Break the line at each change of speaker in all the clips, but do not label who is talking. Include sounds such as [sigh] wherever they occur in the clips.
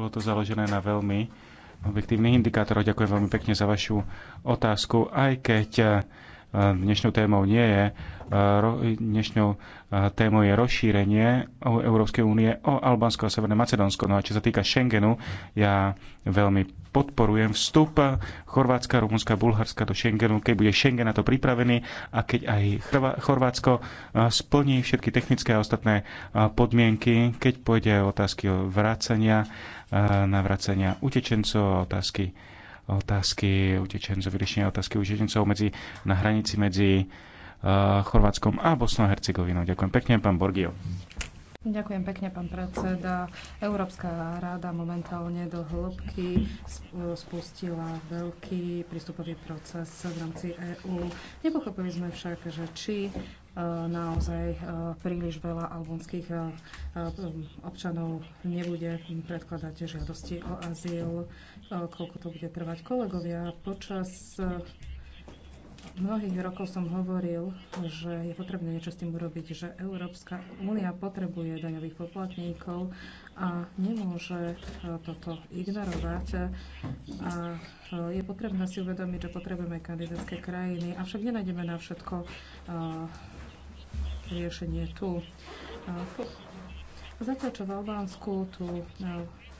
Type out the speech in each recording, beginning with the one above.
Bolo to založené na veľmi objektívnych indikátoroch. Ďakujem veľmi pekne za vašu otázku, aj keď Dnešnou témou nie je e, dnešnou e, témou je rozšírenie Európskej únie o Albánsko a Severné Macedónsko. No a čo sa týka Schengenu, ja veľmi podporujem vstup Chorvátska, Rumunska, Bulharska do Schengenu, keď bude Schengen na to pripravený a keď aj Chorvátsko e, splní všetky technické a ostatné podmienky, keď pôjde otázky o na vracania, utečencov a otázky otázky utečencov, vyriešenie otázky utečencov medzi, na hranici medzi uh, Chorvátskom a Bosnou a Hercegovinou. Ďakujem pekne, pán Borgio.
Ďakujem pekne, pán predseda. Európska rada momentálne do hĺbky spustila veľký prístupový proces v rámci EÚ. Nepochopili sme však, že či E, naozaj e, príliš veľa albonských e, občanov nebude predkladať žiadosti o azyl, koľko to bude trvať. Kolegovia, počas mnohých rokov som hovoril, že je potrebné niečo s tým urobiť, že Európska únia potrebuje daňových poplatníkov a nemôže toto ignorovať. A je potrebné si uvedomiť, že potrebujeme kandidátske krajiny, avšak nenájdeme na všetko riešenie tu. Zatiaľ, čo v Albánsku tu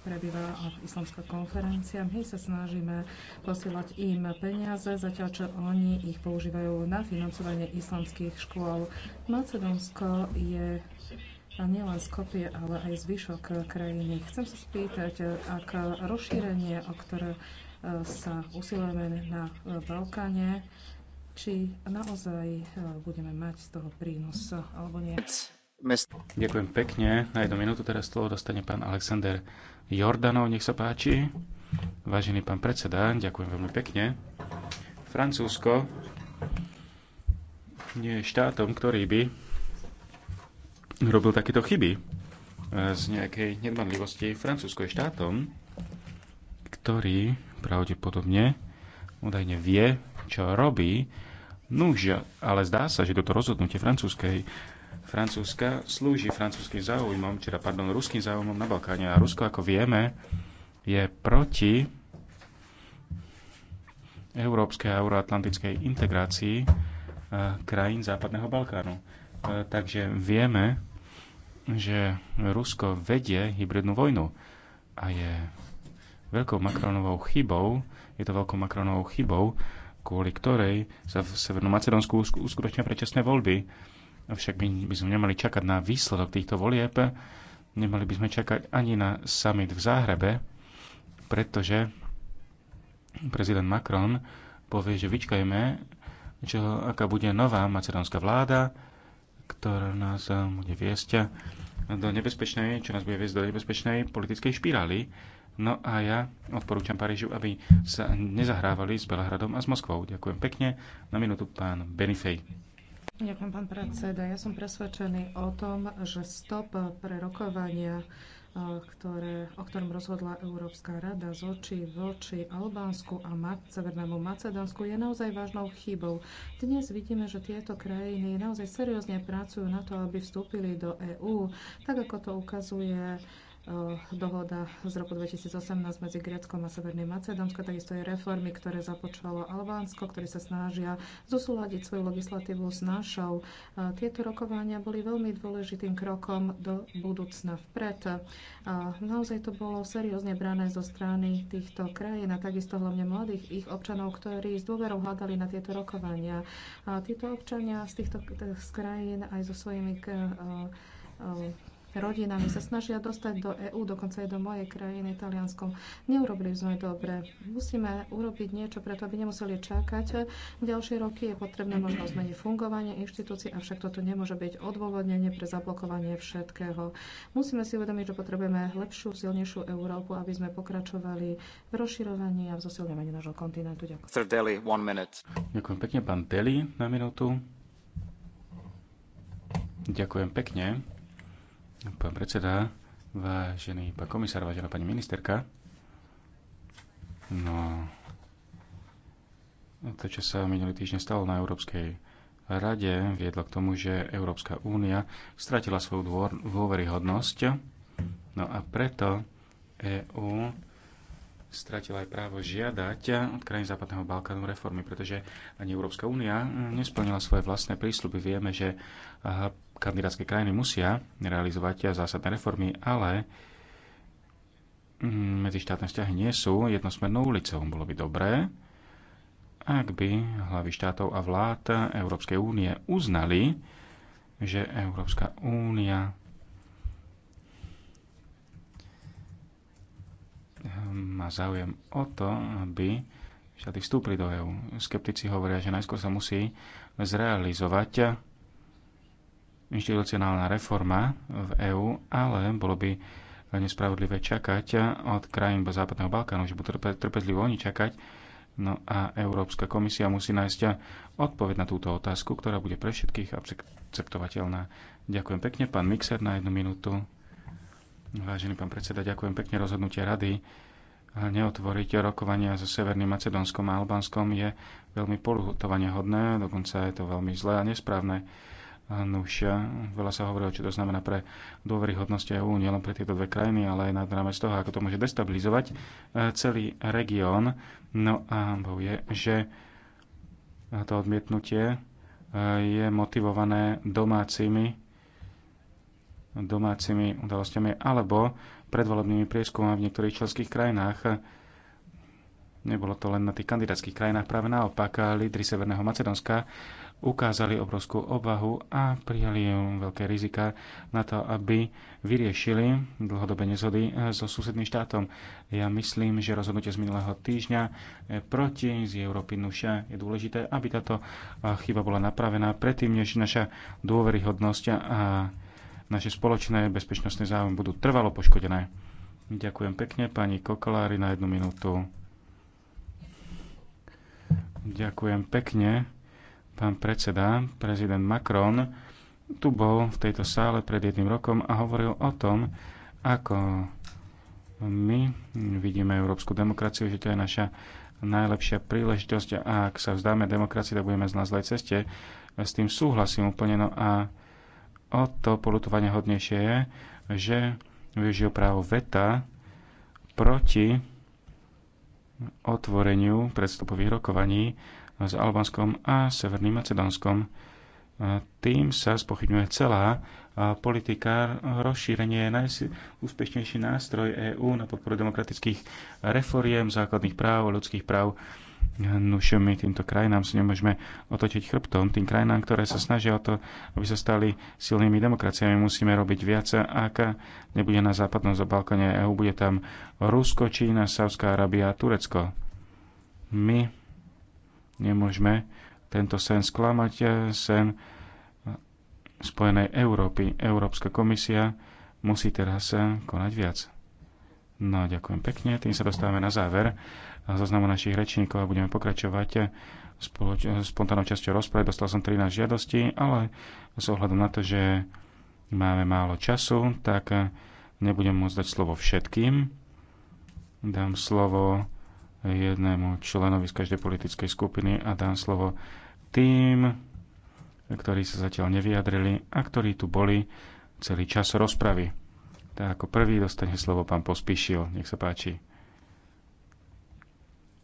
prebýva islamská konferencia. My sa snažíme posielať im peniaze, zatiaľ čo oni ich používajú na financovanie islamských škôl. Macedónsko je nielen Skopie, ale aj zvyšok krajiny. Chcem sa spýtať, ak rozšírenie, o ktoré e, sa usilujeme na e, Balkáne, či naozaj eh, budeme mať z toho prínos alebo nie.
Ďakujem pekne. Na jednu minútu teraz slovo dostane pán Alexander Jordanov. Nech sa páči. Vážený pán predseda, ďakujem veľmi pekne. Francúzsko nie je štátom, ktorý by robil takéto chyby eh, z nejakej nedbanlivosti. Francúzsko je štátom, ktorý pravdepodobne údajne vie, čo robí Nuž, ale zdá sa, že toto rozhodnutie francúzskej Francúzska slúži francúzským záujmom, teda pardon, ruským záujmom na Balkáne. A Rusko, ako vieme, je proti európskej a euroatlantickej integrácii eh, krajín Západného Balkánu. Eh, takže vieme, že Rusko vedie hybridnú vojnu a je veľkou makronovou chybou, je to veľkou makronovou chybou, kvôli ktorej sa v Severnom Macedónsku uskutočnia predčasné voľby. Avšak by, by sme nemali čakať na výsledok týchto volieb, nemali by sme čakať ani na summit v Záhrebe, pretože prezident Macron povie, že vyčkajme, čo, aká bude nová macedónska vláda, ktorá nás eh, bude viesť do nebezpečnej, čo nás bude viesť do nebezpečnej politickej špirály. No a ja odporúčam Parížu, aby sa nezahrávali s Belhradom a s Moskvou. Ďakujem pekne. Na minútu pán Benifej.
Ďakujem, pán predseda. Ja som presvedčený o tom, že stop pre rokovania eh, ktoré, o ktorom rozhodla Európska rada z očí voči Albánsku a Mac- Severnému Macedónsku, je naozaj vážnou chybou. Dnes vidíme, že tieto krajiny naozaj seriózne pracujú na to, aby vstúpili do EÚ, tak ako to ukazuje Eh, dohoda z roku 2018 medzi Gréckom a Severným Macedónskom, takisto je reformy, ktoré započalo Albánsko, ktorí sa snažia zosúľadiť svoju legislatívu s našou. Eh, tieto rokovania boli veľmi dôležitým krokom do budúcna vpred. Eh, naozaj to bolo seriózne brané zo strany týchto krajín a takisto hlavne mladých ich občanov, ktorí s dôverou hľadali na tieto rokovania. Títo občania z týchto z krajín aj so svojimi rodinami sa snažia dostať do EÚ, dokonca aj do mojej krajiny, Talianskom. Neurobili sme dobre. Musíme urobiť niečo preto, aby nemuseli čakať. Ďalšie roky je potrebné možno zmeniť fungovanie inštitúcií, avšak toto nemôže byť odôvodnenie pre zablokovanie všetkého. Musíme si uvedomiť, že potrebujeme lepšiu, silnejšiu Európu, aby sme pokračovali v rozširovaní a v zosilňovaní nášho kontinentu.
Ďakujem. one
minute. Ďakujem pekne, pán Deli, na minútu. Ďakujem pekne. Pán predseda, vážený pán komisár, vážená pani ministerka. No, to, čo sa minulý týždeň stalo na Európskej rade, viedlo k tomu, že Európska únia stratila svoju dôveryhodnosť. No a preto EÚ stratila aj právo žiadať od krajín Západného Balkánu reformy, pretože ani Európska únia nesplnila svoje vlastné prísľuby. Vieme, že kandidátske krajiny musia realizovať zásadné reformy, ale mm, medzištátne vzťahy nie sú jednosmernou ulicou. Bolo by dobré, ak by hlavy štátov a vlád Európskej únie uznali, že Európska únia ehm, má záujem o to, aby štáty vstúpli do EÚ. Skeptici hovoria, že najskôr sa musí zrealizovať inštitucionálna reforma v EÚ, ale bolo by nespravodlivé čakať od krajín Západného Balkánu, že budú trpezlivo oni čakať. No a Európska komisia musí nájsť odpoveď na túto otázku, ktorá bude pre všetkých akceptovateľná. Ďakujem pekne, pán Mixer, na jednu minútu. Vážený pán predseda, ďakujem pekne rozhodnutie rady. Neotvoriť rokovania so Severným Macedónskom a Albánskom je veľmi polutovanie hodné, dokonca je to veľmi zlé a nesprávne Nuž, veľa sa hovorilo, čo to znamená pre dôveryhodnosť EU, nielen pre tieto dve krajiny, ale aj nad rámec toho, ako to môže destabilizovať e, celý región. No a je, že to odmietnutie e, je motivované domácimi domácimi udalosťami alebo predvolebnými prieskumami v niektorých členských krajinách. Nebolo to len na tých kandidátskych krajinách, práve naopak. Lídry Severného Macedónska ukázali obrovskú obahu a prijali veľké rizika na to, aby vyriešili dlhodobé nezhody eh, so susedným štátom. Ja myslím, že rozhodnutie z minulého týždňa eh, proti z Európy Nuša je dôležité, aby táto eh, chyba bola napravená predtým, než naša dôveryhodnosť a naše spoločné bezpečnostné záujmy budú trvalo poškodené. Ďakujem pekne pani Kokolári na jednu minútu. Ďakujem pekne Pán predseda, prezident Macron tu bol v tejto sále pred jedným rokom a hovoril o tom, ako my vidíme európsku demokraciu, že to je naša najlepšia príležitosť a ak sa vzdáme demokracie, tak budeme na zlej ceste. S tým súhlasím úplne. No a o to polutovanie hodnejšie je, že využil právo VETA proti otvoreniu predstupových rokovaní s Albánskom a Severným Macedónskom. Tým sa spochybňuje celá politika. Rozšírenie je najúspešnejší nástroj EÚ na podporu demokratických reforiem, základných práv, ľudských práv. Nuž my týmto krajinám si nemôžeme otočiť chrbtom. Tým krajinám, ktoré sa snažia o to, aby sa stali silnými demokraciami, musíme robiť viac. Ak nebude na západnom Balkáne EÚ, bude tam Rusko, Čína, Sávská Arábia a Turecko. My Nemôžeme tento sen sklamať, sen Spojenej Európy. Európska komisia musí teraz eh, konať viac. No, ďakujem pekne. Tým sa dostávame na záver zoznamu našich rečníkov a budeme pokračovať eh, eh, spontánnou časťou rozpravy. Dostal som 13 žiadostí, ale s ohľadom na to, že máme málo času, tak nebudem môcť dať slovo všetkým. Dám slovo jednému členovi z každej politickej skupiny a dám slovo tým, ktorí sa zatiaľ nevyjadrili a ktorí tu boli celý čas rozpravy. Tak ako prvý dostane slovo pán Pospíšil. Nech
sa páči.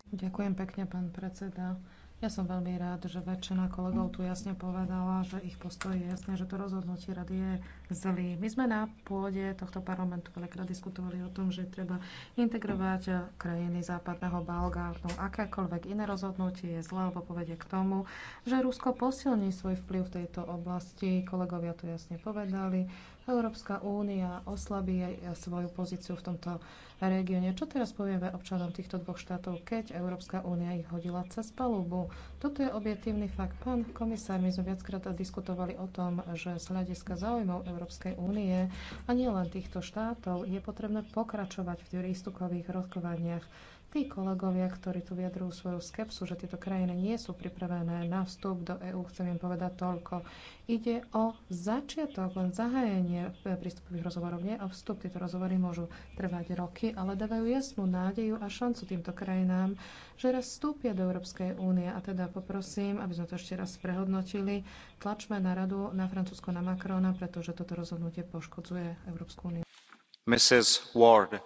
Ďakujem pekne, pán predseda. Ja som veľmi rád, že väčšina kolegov tu jasne povedala, že ich postoj je jasný, že to rozhodnutie rady je zlý. My sme na pôde tohto parlamentu veľakrát diskutovali o tom, že treba integrovať eh, krajiny západného Balgárnu, Akékoľvek iné rozhodnutie je zlé, alebo povedie k tomu, že Rusko posilní svoj vplyv v tejto oblasti. Kolegovia to jasne povedali Európska únia oslabí e, svoju pozíciu v tomto regióne. Čo teraz povieme občanom týchto dvoch štátov, keď Európska únia ich hodila cez palubu? Toto je objektívny fakt. Pán komisár, my sme viackrát diskutovali o tom, že z hľadiska záujmov Európskej únie a nielen týchto štátov je potrebné pokračovať v prístupových rokovaniach Tí kolegovia, ktorí tu vyjadrujú svoju skepsu, že tieto krajiny nie sú pripravené na vstup do EÚ, chcem im povedať toľko. Ide o začiatok, len zahájenie e, prístupových rozhovorov, nie o vstup. Tieto rozhovory môžu trvať roky, ale dávajú jasnú nádeju a šancu týmto krajinám, že raz vstúpia do Európskej únie. A teda poprosím, aby sme to ešte raz prehodnotili, tlačme na radu na Francúzsko, na Macrona, pretože toto rozhodnutie poškodzuje Európsku úniu.
Mrs. Ward.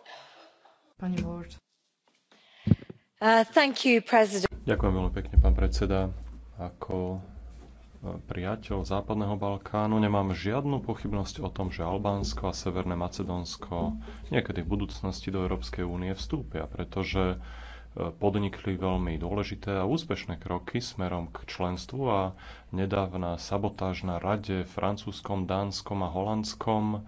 Pani Ward Uh,
Ďakujem veľmi pekne, pán predseda. Ako uh, priateľ Západného Balkánu nemám žiadnu pochybnosť o tom, že Albánsko a Severné Macedónsko niekedy v budúcnosti do Európskej únie vstúpia, pretože uh, podnikli veľmi dôležité a úspešné kroky smerom k členstvu a nedávna sabotáž na rade francúzskom, dánskom a holandskom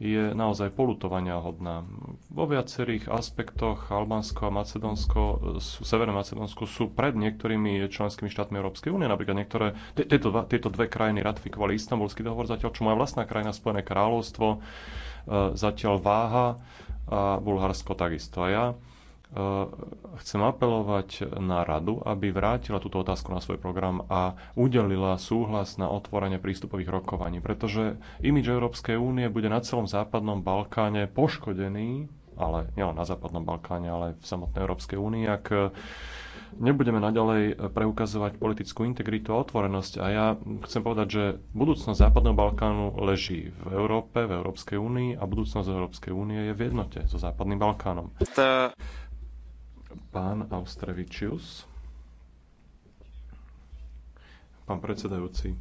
je naozaj polutovania hodná. Vo viacerých aspektoch Albánsko a Macedónsko, sú, Severné Macedónsko sú pred niektorými členskými štátmi Európskej únie. Napríklad niektoré, tieto, tieto dve krajiny ratifikovali istambulský dohovor, zatiaľ čo moja vlastná krajina, Spojené kráľovstvo, e, zatiaľ váha a Bulharsko takisto. A ja Eh, chcem apelovať na radu, aby vrátila túto otázku na svoj program a udelila súhlas na otvorenie prístupových rokovaní, pretože imidž Európskej únie bude na celom západnom Balkáne poškodený, ale nielen na západnom Balkáne, ale v samotnej Európskej únii, ak eh, nebudeme naďalej preukazovať politickú integritu a otvorenosť. A ja chcem povedať, že budúcnosť západného Balkánu leží v Európe, v Európskej únii a budúcnosť Európskej únie je v jednote so západným Balkánom. Pán Austrevičius. Pán predsedajúci,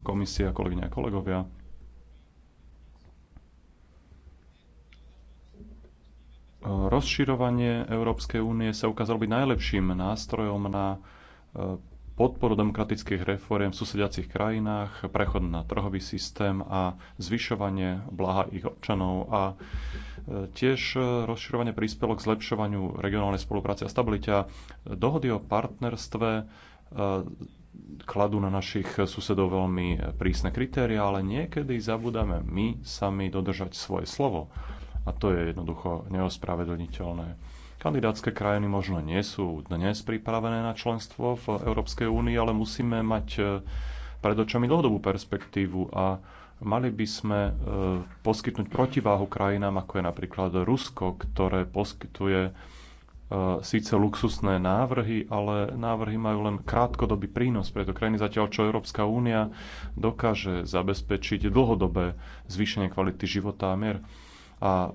komisia, kolegyňa a kolegovia. Rozširovanie Európskej únie sa ukázalo byť najlepším nástrojom na eh, podporu demokratických reforiem v susediacich krajinách, prechod na trhový systém a zvyšovanie blaha ich občanov a e, tiež e, rozširovanie prispelo k zlepšovaniu regionálnej spolupráce a stabilite. dohody o partnerstve e, kladú na našich susedov veľmi prísne kritéria, ale niekedy zabudáme my sami dodržať svoje slovo. A to je jednoducho neospravedlniteľné. Kandidátske krajiny možno nie sú dnes pripravené na členstvo v Európskej únii, ale musíme mať e, pred očami dlhodobú perspektívu a mali by sme e, poskytnúť protiváhu krajinám, ako je napríklad Rusko, ktoré poskytuje e, síce luxusné návrhy, ale návrhy majú len krátkodobý prínos pre to krajiny, zatiaľ čo Európska únia dokáže zabezpečiť dlhodobé zvýšenie kvality života a mier a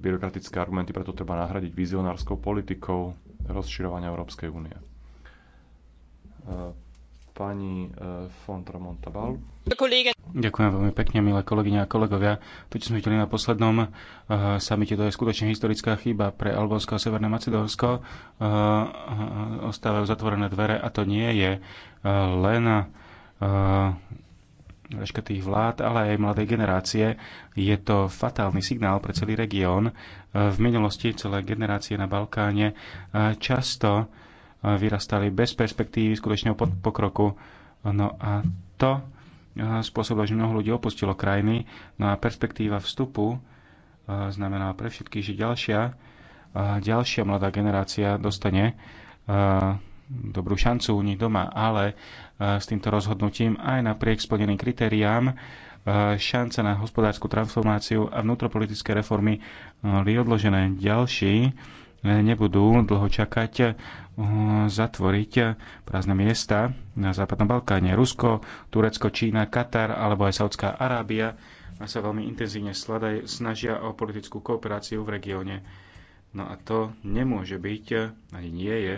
byrokratické argumenty preto treba nahradiť vizionárskou politikou rozširovania Európskej únie. E, pani e, von Tramontabal. Ďakujem veľmi
pekne, milé kolegyne a kolegovia. To, čo sme videli na poslednom uh, samite, to je skutočne historická chyba pre Albánsko a Severné Macedónsko. Uh, ostávajú zatvorené dvere a to nie je uh, len uh, reškatých vlád, ale aj mladej generácie. Je to fatálny signál pre celý región. V minulosti celé generácie na Balkáne eh, často eh, vyrastali bez perspektívy skutočného pokroku. No a to eh, spôsobilo, že mnoho ľudí opustilo krajiny. No a perspektíva vstupu znamená pre všetkých, že ďalšia, ďalšia mladá generácia dostane dobrú šancu u nich doma, ale e, s týmto rozhodnutím aj napriek splneným kritériám e, šance na hospodárskú transformáciu a vnútropolitické reformy e, boli odložené. Ďalší nebudú dlho čakať zatvoriť prázdne miesta na Západnom Balkáne. Rusko, Turecko, Čína, Katar alebo aj Saudská Arábia sa veľmi intenzívne snažia o politickú kooperáciu v regióne. No a to nemôže byť, ani nie je,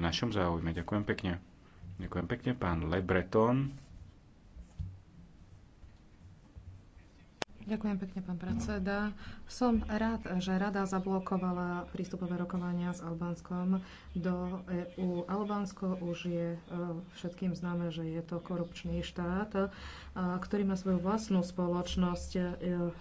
našom záujme. Ďakujem pekne. Ďakujem pekne, pán Lebreton.
Ďakujem pekne, pán predseda. Som rád, že Rada zablokovala prístupové rokovania s Albánskom do EÚ. Albánsko už je e, všetkým známe, že je to korupčný štát, e, ktorý má svoju vlastnú spoločnosť. E,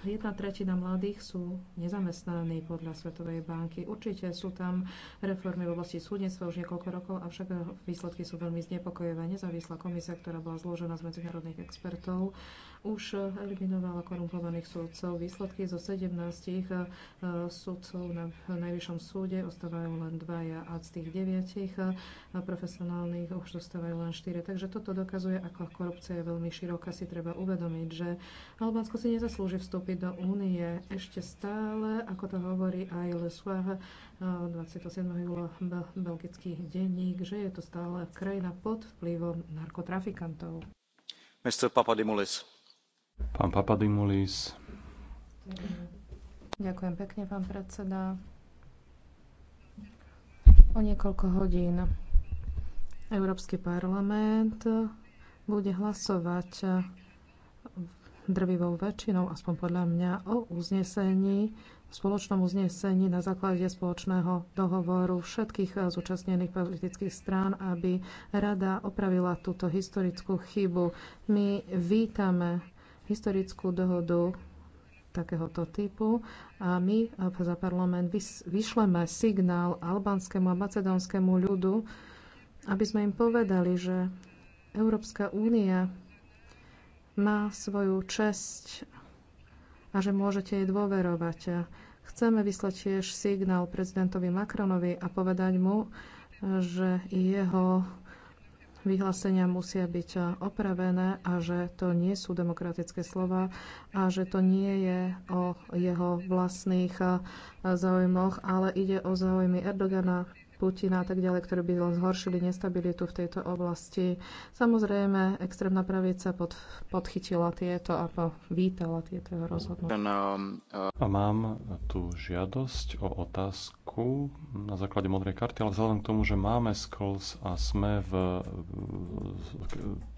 jedna tretina mladých sú nezamestnaní podľa Svetovej banky. Určite sú tam reformy v oblasti súdnictva už niekoľko rokov, avšak výsledky sú veľmi znepokojivé. Nezávislá komisia, ktorá bola zložená z medzinárodných expertov, už eliminovala korumpovaných súdcov. Výsledky zo 17 šiestich eh, sudcov na Najvyššom súde, ostávajú len dvaja a z tých deviatich eh, profesionálnych už zostávajú len štyri. Takže toto dokazuje, ako korupcia je veľmi široká, si treba uvedomiť, že Albánsko si nezaslúži vstúpiť do únie ešte stále, ako to hovorí aj Le Soir 27. Eh, júla belgický denník, že je to stále krajina pod vplyvom narkotrafikantov. Mr. Papadimulis.
Pán Papadimulis.
Ďakujem pekne, pán predseda. O niekoľko hodín Európsky parlament bude hlasovať drvivou väčšinou, aspoň podľa mňa, o uznesení, spoločnom uznesení na základe spoločného dohovoru všetkých zúčastnených politických strán, aby rada opravila túto historickú chybu. My vítame historickú dohodu takéhoto typu a my za parlament vyšleme signál albanskému a macedónskému ľudu, aby sme im povedali, že Európska únia má svoju česť a že môžete jej dôverovať. Chceme vyslať tiež signál prezidentovi Macronovi a povedať mu, že jeho vyhlásenia musia byť opravené a že to nie sú demokratické slova a že to nie je o jeho vlastných eh, záujmoch, ale ide o záujmy Erdogana, Putina a tak ďalej, ktoré by len zhoršili nestabilitu v tejto oblasti. Samozrejme, extrémna pravica pod, podchytila tieto a vítala tieto rozhodnutia.
Um, uh, a mám tu žiadosť o otázku na základe modrej karty, ale vzhľadom k tomu, že máme skls a sme v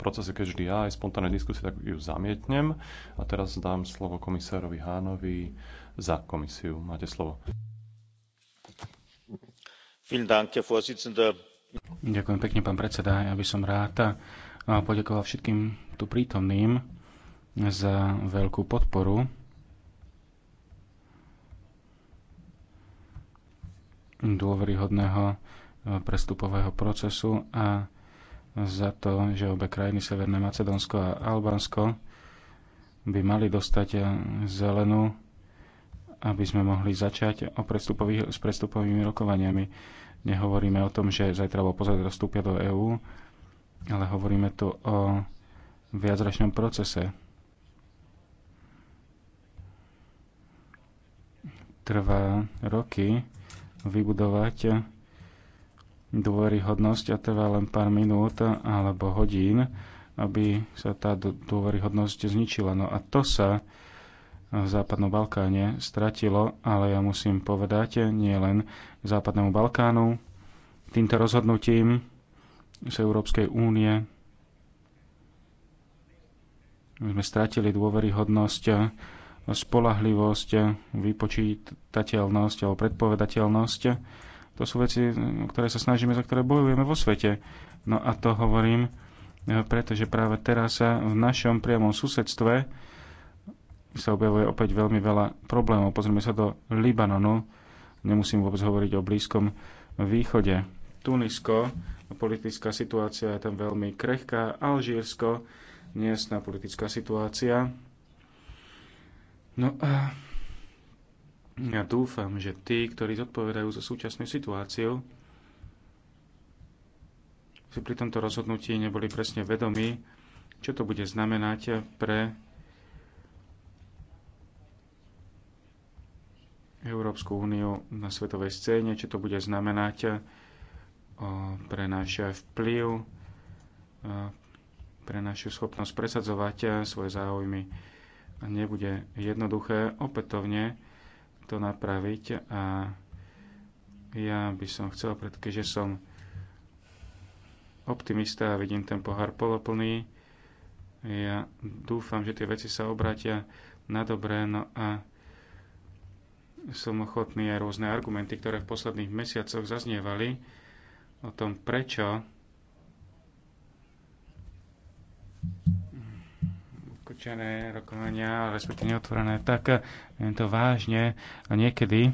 procese keďždy ja aj spontánne diskusie, tak ju zamietnem. A teraz dám slovo komisárovi Hánovi za komisiu. Máte slovo. Ďakujem pekne, pán predseda.
Ja by som rád poďakoval všetkým tu prítomným za veľkú podporu. dôveryhodného prestupového procesu a za to, že obe krajiny, Severné Macedónsko a Albánsko, by mali dostať zelenú aby sme mohli začať o s prestupovými rokovaniami. Nehovoríme o tom, že zajtra alebo pozajtra vstúpia do EÚ, ale hovoríme tu o viacračnom procese. Trvá roky vybudovať dôveryhodnosť a trvá len pár minút alebo hodín, aby sa tá dôveryhodnosť zničila. No a to sa v Západnom Balkáne stratilo, ale ja musím povedať, nie len Západnému Balkánu, týmto rozhodnutím z Európskej únie sme stratili dôveryhodnosť, spolahlivosť, vypočítateľnosť alebo predpovedateľnosť. To sú veci, o ktoré sa snažíme, za ktoré bojujeme vo svete. No a to hovorím, pretože práve teraz sa v našom priamom susedstve sa objavuje opäť veľmi veľa problémov. Pozrieme sa do Libanonu, nemusím vôbec hovoriť o Blízkom východe. Tunisko, politická situácia je tam veľmi krehká, Alžírsko, nejasná politická situácia. No a ja dúfam, že tí, ktorí zodpovedajú za súčasnú situáciu, si pri tomto rozhodnutí neboli presne vedomí, čo to bude znamenať pre Európsku úniu na svetovej scéne, čo to bude znamenať eh, pre náš vplyv, eh, pre našu schopnosť presadzovať eh, svoje záujmy. Nebude jednoduché opätovne to napraviť a ja by som chcel, pretože som optimista a vidím ten pohár poloplný. Ja dúfam, že tie veci sa obrátia na dobré, no a som ochotný aj rôzne argumenty, ktoré v posledných mesiacoch zaznievali o tom, prečo ukončené rokovania, respektíve neotvorené, tak neviem eh, to vážne a niekedy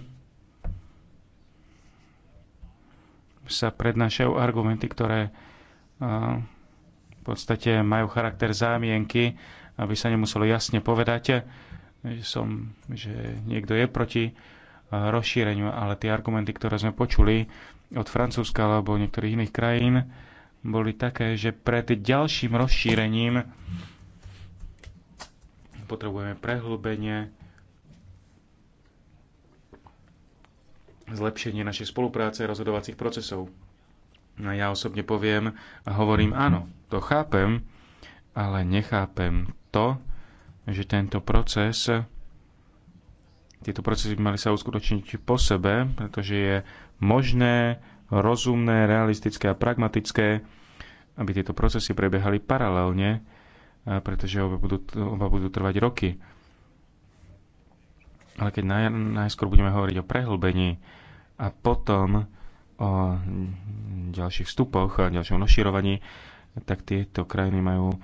sa prednášajú argumenty, ktoré eh, v podstate majú charakter zámienky, aby sa nemuselo jasne povedať, som, že niekto je proti eh, rozšíreniu, ale tie argumenty, ktoré sme počuli od Francúzska alebo niektorých iných krajín, boli také, že pred ďalším rozšírením potrebujeme prehlbenie, zlepšenie našej spolupráce a rozhodovacích procesov. No ja osobne poviem a hovorím áno, to chápem, ale nechápem to, že tento proces, tieto procesy by mali sa uskutočniť po sebe, pretože je možné, rozumné, realistické a pragmatické, aby tieto procesy prebiehali paralelne, pretože oba budú, oba budú trvať roky. Ale keď naj, najskôr budeme hovoriť o prehlbení a potom o ďalších vstupoch a ďalšom rozširovaní, tak tieto krajiny majú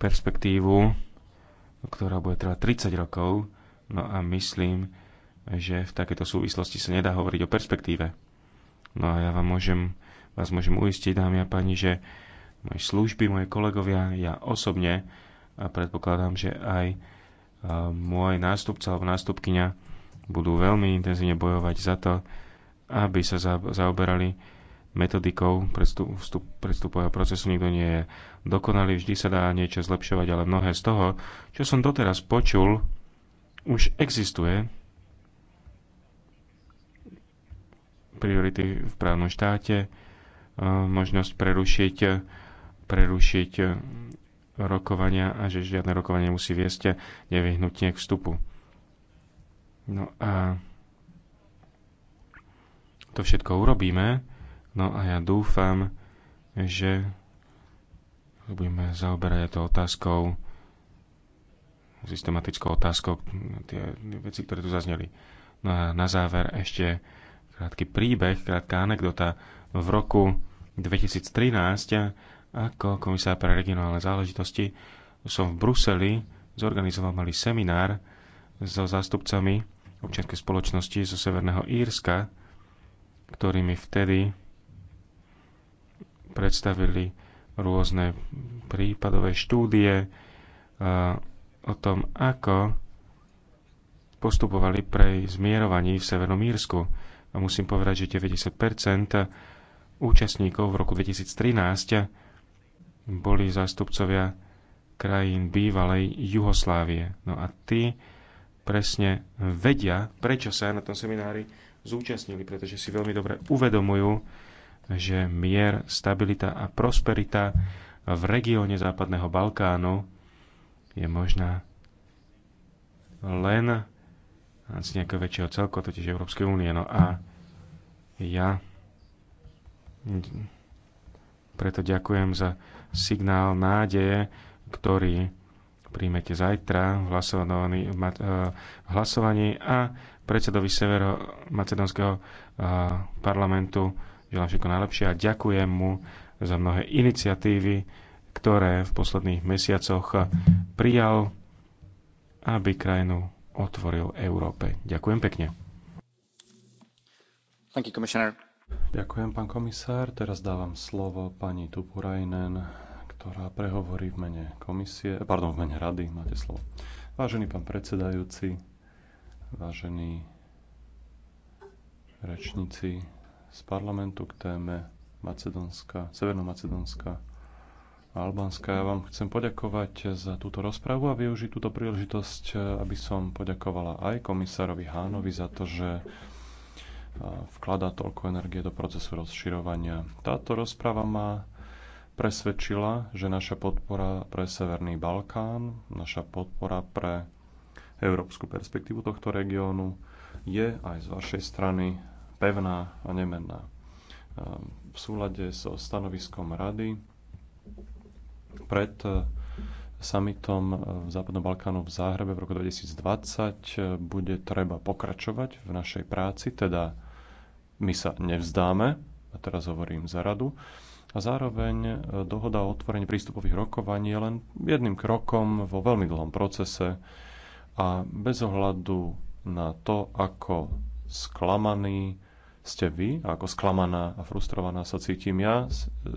perspektívu ktorá bude trvať 30 rokov. No a myslím, že v takejto súvislosti sa nedá hovoriť o perspektíve. No a ja vám môžem, vás môžem uistiť, dámy a páni, že moje služby, moje kolegovia, ja osobne a predpokladám, že aj môj nástupca alebo nástupkyňa budú veľmi intenzívne bojovať za to, aby sa zaoberali metodikou predstupového procesu. Nikto nie je dokonalý, vždy sa dá niečo zlepšovať, ale mnohé z toho, čo som doteraz počul, už existuje. Priority v právnom štáte, e, možnosť prerušiť, prerušiť e, rokovania a že žiadne rokovanie musí viesť nevyhnutne k vstupu. No a to všetko urobíme No a ja dúfam, že budeme zaoberať to otázkou, systematickou otázkou, tie veci, ktoré tu zazneli. No a na záver ešte krátky príbeh, krátka anekdota. V roku 2013 ako komisár pre regionálne záležitosti som v Bruseli zorganizoval malý seminár so zástupcami občianskej spoločnosti zo Severného Írska, ktorými vtedy predstavili rôzne prípadové štúdie eh, o tom, ako postupovali pre zmierovaní v Severnom Írsku. A musím povedať, že 90 účastníkov v roku 2013 boli zástupcovia krajín bývalej Juhoslávie. No a tí presne vedia, prečo sa na tom seminári zúčastnili, pretože si veľmi dobre uvedomujú, že mier, stabilita a prosperita v regióne Západného Balkánu je možná len z nejakého väčšieho celku, totiž Európskej únie. No a ja preto ďakujem za signál nádeje, ktorý príjmete zajtra v hlasovaní, v eh, hlasovaní a predsedovi severo Macedonského eh, parlamentu želám všetko najlepšie a ďakujem mu za mnohé iniciatívy, ktoré v posledných mesiacoch prijal, aby krajinu otvoril Európe. Ďakujem pekne.
Thank you, Commissioner. Ďakujem, pán komisár. Teraz dávam slovo pani Tupurajnen, ktorá prehovorí v mene komisie, pardon, v mene rady. Máte slovo. Vážený pán predsedajúci, vážení rečníci, z parlamentu k téme Macedónska, Severnomacedónska a Albánska. Ja vám chcem poďakovať za túto rozpravu a využiť túto príležitosť, aby som poďakovala aj komisárovi Hánovi za to, že vkladá toľko energie do procesu rozširovania. Táto rozprava ma presvedčila, že naša podpora pre Severný Balkán, naša podpora pre európsku perspektívu tohto regiónu je aj z vašej strany pevná a nemenná. Ehm, v súlade so stanoviskom Rady pred eh, summitom eh, v Západnom Balkánu v Záhrebe v roku 2020 eh, bude treba pokračovať v našej práci, teda my sa nevzdáme, a teraz hovorím za radu, a zároveň dohoda o otvorení prístupových rokovaní je len jedným krokom vo veľmi dlhom procese a bez ohľadu na to, ako sklamaný ste vy, ako sklamaná a frustrovaná sa cítim ja,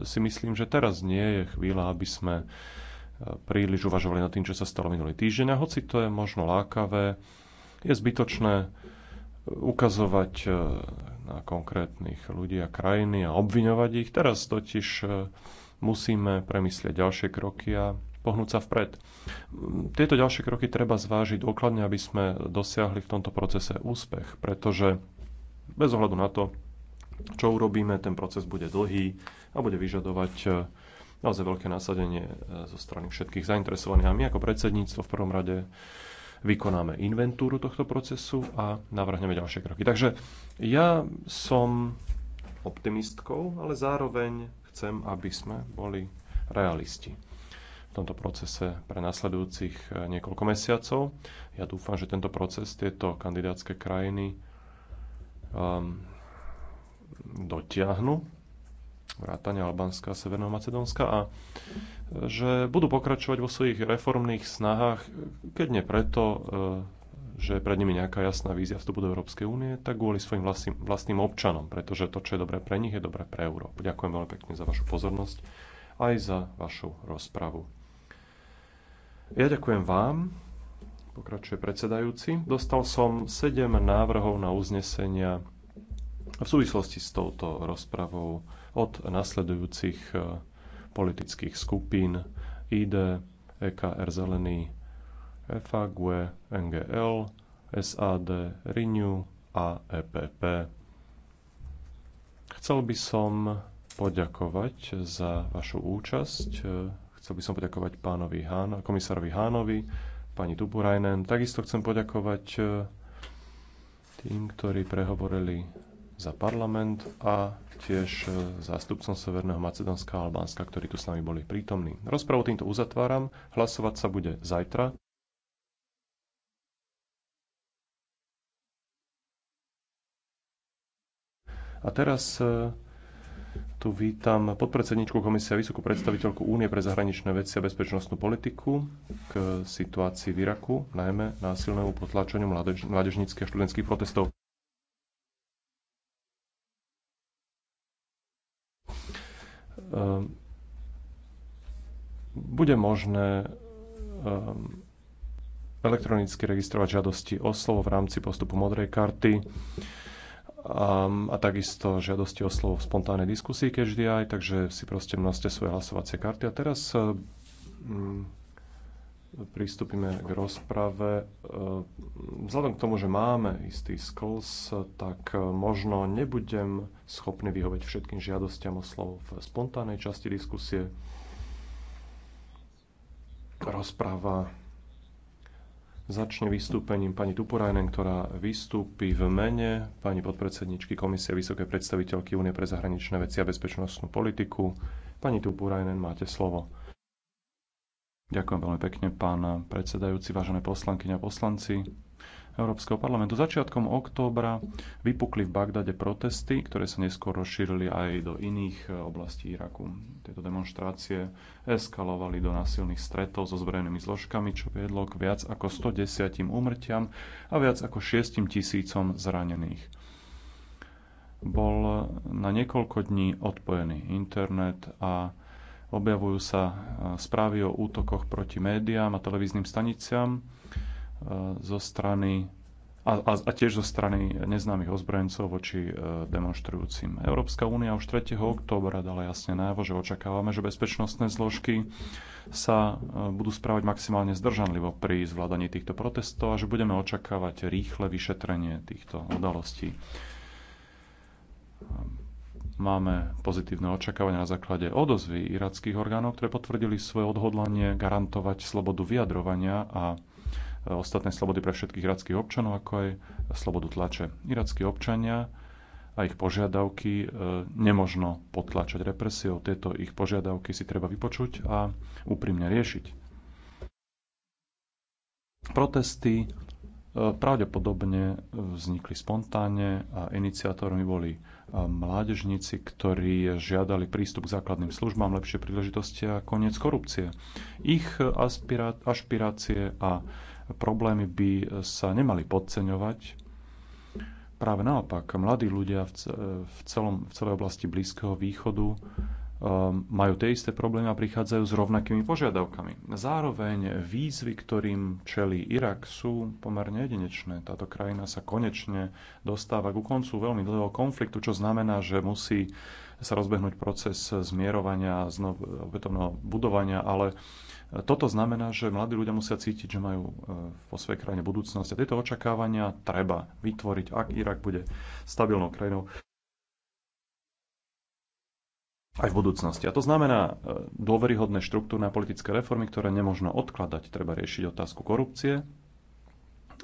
si myslím, že teraz nie je chvíľa, aby sme e, príliš uvažovali nad tým, čo sa stalo minulý týždeň. A hoci to je možno lákavé, je zbytočné e, ukazovať e, na konkrétnych ľudí a krajiny a obviňovať ich. Teraz totiž musíme premyslieť ďalšie kroky a pohnúť sa vpred. Tieto ďalšie kroky treba zvážiť dôkladne, aby sme dosiahli v tomto procese úspech, pretože bez ohľadu na to, čo urobíme, ten proces bude dlhý a bude vyžadovať e, naozaj veľké nasadenie e, zo strany všetkých zainteresovaných. A my ako predsedníctvo v prvom rade vykonáme inventúru tohto procesu a navrhneme ďalšie kroky. Takže ja som optimistkou, ale zároveň chcem, aby sme boli realisti v tomto procese pre nasledujúcich e, niekoľko mesiacov. Ja dúfam, že tento proces, tieto kandidátske krajiny um, dotiahnu vrátane Albánska a Severného Macedónska a e, že budú pokračovať vo svojich reformných snahách, keď nie preto, e, že je pred nimi nejaká jasná vízia vstupu do Európskej únie, tak kvôli svojim vlastným, vlastným občanom, pretože to, čo je dobré pre nich, je dobré pre Európu. Ďakujem veľmi pekne za vašu pozornosť aj za vašu rozpravu. Ja ďakujem vám pokračuje predsedajúci. Dostal som 7 návrhov na uznesenia v súvislosti s touto rozpravou od nasledujúcich e, politických skupín ID, EKR Zelený, FAGUE, NGL, SAD, RINU a EPP. E chcel by som poďakovať za vašu účasť. E, chcel by som poďakovať pánovi Hán, komisárovi Hánovi, pani Duburajnen. Takisto chcem poďakovať e, tým, ktorí prehovorili za parlament a tiež e, zástupcom Severného Macedónska a Albánska, ktorí tu s nami boli prítomní. Rozpravu týmto uzatváram. Hlasovať sa bude zajtra. A teraz e, tu vítam podpredsedničku Komisie a vysokú predstaviteľku Únie pre zahraničné veci a bezpečnostnú politiku k situácii v Iraku, najmä násilnému potláčaniu mládež, mládežníckých a študentských protestov. Ehm, bude možné ehm, elektronicky registrovať žiadosti o slovo v rámci postupu modrej karty a, a takisto žiadosti o slovo v spontánnej diskusii každý aj, takže si proste množte svoje hlasovacie karty. A teraz eh, m, mm, pristúpime k rozprave. Eh, vzhľadom k tomu, že máme istý skls, tak eh, možno nebudem schopný vyhovať všetkým žiadostiam o slovo v spontánnej časti diskusie. Rozpráva začne vystúpením pani Tuporajnen, ktorá vystúpi v mene pani podpredsedničky Komisie Vysokej predstaviteľky Únie pre zahraničné veci a bezpečnostnú politiku. Pani Tuporajnen, máte slovo. Ďakujem veľmi pekne, pán predsedajúci, vážené poslanky a poslanci. Európskeho parlamentu. Začiatkom októbra vypukli v Bagdade protesty, ktoré sa neskôr rozšírili aj do iných e, oblastí Iraku. Tieto demonstrácie eskalovali do násilných stretov so zbrojenými zložkami, čo viedlo k viac ako 110 úmrtiam a viac ako 6 tisícom zranených. Bol na niekoľko dní odpojený internet a objavujú sa e, správy o útokoch proti médiám a televíznym staniciam E, zo strany a, a, a tiež zo strany neznámych ozbrojencov voči e, demonstrujúcim. Európska únia už 3. októbra dala jasne najavo, že očakávame, že bezpečnostné zložky sa e, budú správať maximálne zdržanlivo pri zvládaní týchto protestov a že budeme očakávať rýchle vyšetrenie týchto udalostí. Máme pozitívne očakávania na základe odozvy irackých orgánov, ktoré potvrdili svoje odhodlanie garantovať slobodu vyjadrovania a ostatné slobody pre všetkých irackých občanov, ako aj slobodu tlače. Irackí občania a ich požiadavky e, nemožno potlačať represiou. Tieto ich požiadavky si treba vypočuť a úprimne riešiť. Protesty e, pravdepodobne vznikli spontánne a iniciátormi boli e, mládežníci, ktorí žiadali prístup k základným službám, lepšie príležitosti a koniec korupcie. Ich aspirácie a problémy by sa nemali podceňovať. Práve naopak, mladí ľudia v, celom, v celej oblasti Blízkeho východu um, majú tie isté problémy a prichádzajú s rovnakými požiadavkami. Zároveň výzvy, ktorým čelí Irak, sú pomerne jedinečné. Táto krajina sa konečne dostáva ku koncu veľmi dlhého konfliktu, čo znamená, že musí sa rozbehnúť proces zmierovania, znovu, budovania, ale toto znamená, že mladí ľudia musia cítiť, že majú e, vo svojej krajine budúcnosť a tieto očakávania treba vytvoriť, ak Irak bude stabilnou krajinou aj v budúcnosti. A to znamená e, dôveryhodné štruktúrne a politické reformy, ktoré nemôžno odkladať. Treba riešiť otázku korupcie.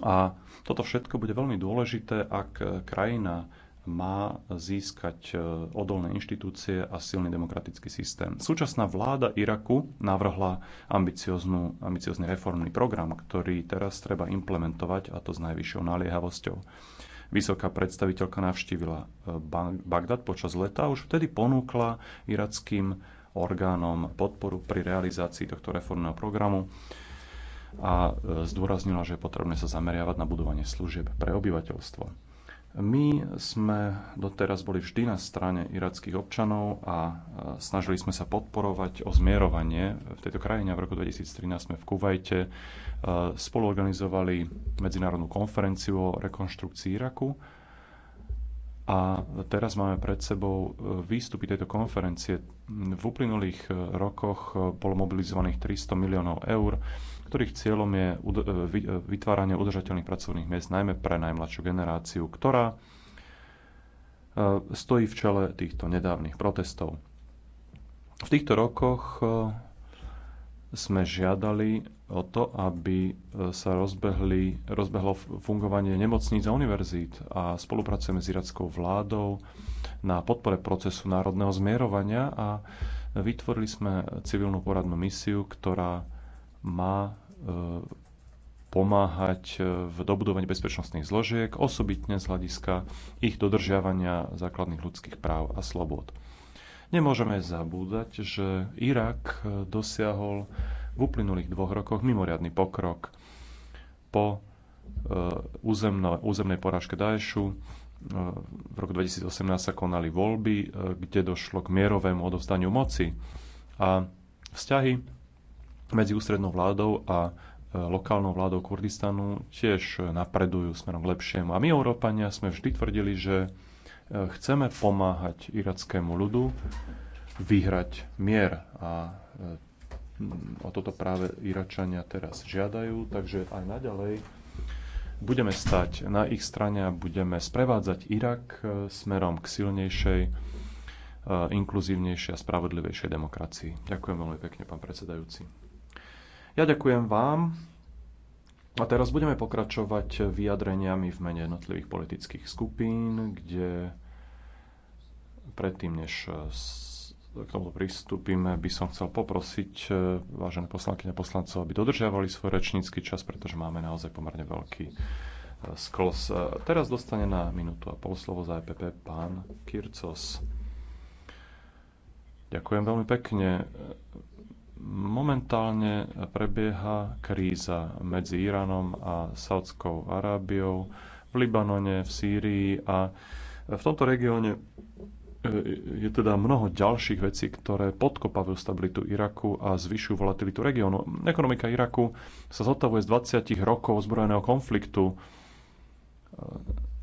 A toto všetko bude veľmi dôležité, ak e, krajina má získať e, odolné inštitúcie a silný demokratický systém. Súčasná vláda Iraku navrhla ambiciozný reformný program, ktorý teraz treba implementovať a to s najvyššou naliehavosťou. Vysoká predstaviteľka navštívila e, Bagdad počas leta a už vtedy ponúkla irackým orgánom podporu pri realizácii tohto reformného programu a e, zdôraznila, že je potrebné sa zameriavať na budovanie služieb pre obyvateľstvo. My sme doteraz boli vždy na strane irackých občanov a snažili sme sa podporovať o zmierovanie v tejto krajine. V roku 2013 sme v Kuvajte e, spoluorganizovali medzinárodnú konferenciu o rekonštrukcii Iraku a teraz máme pred sebou e, výstupy tejto konferencie. V uplynulých e, rokoch bolo mobilizovaných 300 miliónov eur ktorých cieľom je e, e, vytváranie udržateľných pracovných miest najmä pre najmladšiu generáciu, ktorá e, stojí v čele týchto nedávnych protestov. V týchto rokoch sme žiadali o to, aby sa rozbehli, rozbehlo fungovanie nemocníc a univerzít a spolupracujeme s irackou vládou na podpore procesu národného zmierovania a vytvorili sme civilnú poradnú misiu, ktorá má e, pomáhať e, v dobudovaní bezpečnostných zložiek, osobitne z hľadiska ich dodržiavania základných ľudských práv a slobod. Nemôžeme zabúdať, že Irak e, dosiahol v uplynulých dvoch rokoch mimoriadný pokrok po územno, územnej porážke Daešu. V roku 2018 sa konali voľby, kde došlo k mierovému odovzdaniu moci a vzťahy medzi ústrednou vládou a e, lokálnou vládou Kurdistanu tiež napredujú smerom k lepšiemu. A my, Európania, sme vždy tvrdili, že e, chceme pomáhať irackému ľudu vyhrať mier. A e, o toto práve Iračania teraz žiadajú, takže aj naďalej budeme stať na ich strane a budeme sprevádzať Irak smerom k silnejšej, inkluzívnejšej a spravodlivejšej demokracii. Ďakujem veľmi pekne, pán predsedajúci. Ja ďakujem vám. A teraz budeme pokračovať vyjadreniami v mene jednotlivých politických skupín, kde predtým, než k tomu pristúpime, by som chcel poprosiť eh, vážené poslankyne a poslancov, aby dodržiavali svoj rečnícky čas, pretože máme naozaj pomerne veľký eh, sklos. Eh, teraz dostane na minútu a pol slovo za EPP pán Kircos. Ďakujem veľmi pekne. Momentálne prebieha kríza medzi Iránom a Saudskou Arábiou, v Libanone, v Sýrii a v tomto regióne e, je teda mnoho ďalších vecí, ktoré podkopávajú stabilitu Iraku a zvyšujú volatilitu regiónu. Ekonomika Iraku sa zotavuje z 20 rokov ozbrojeného konfliktu e,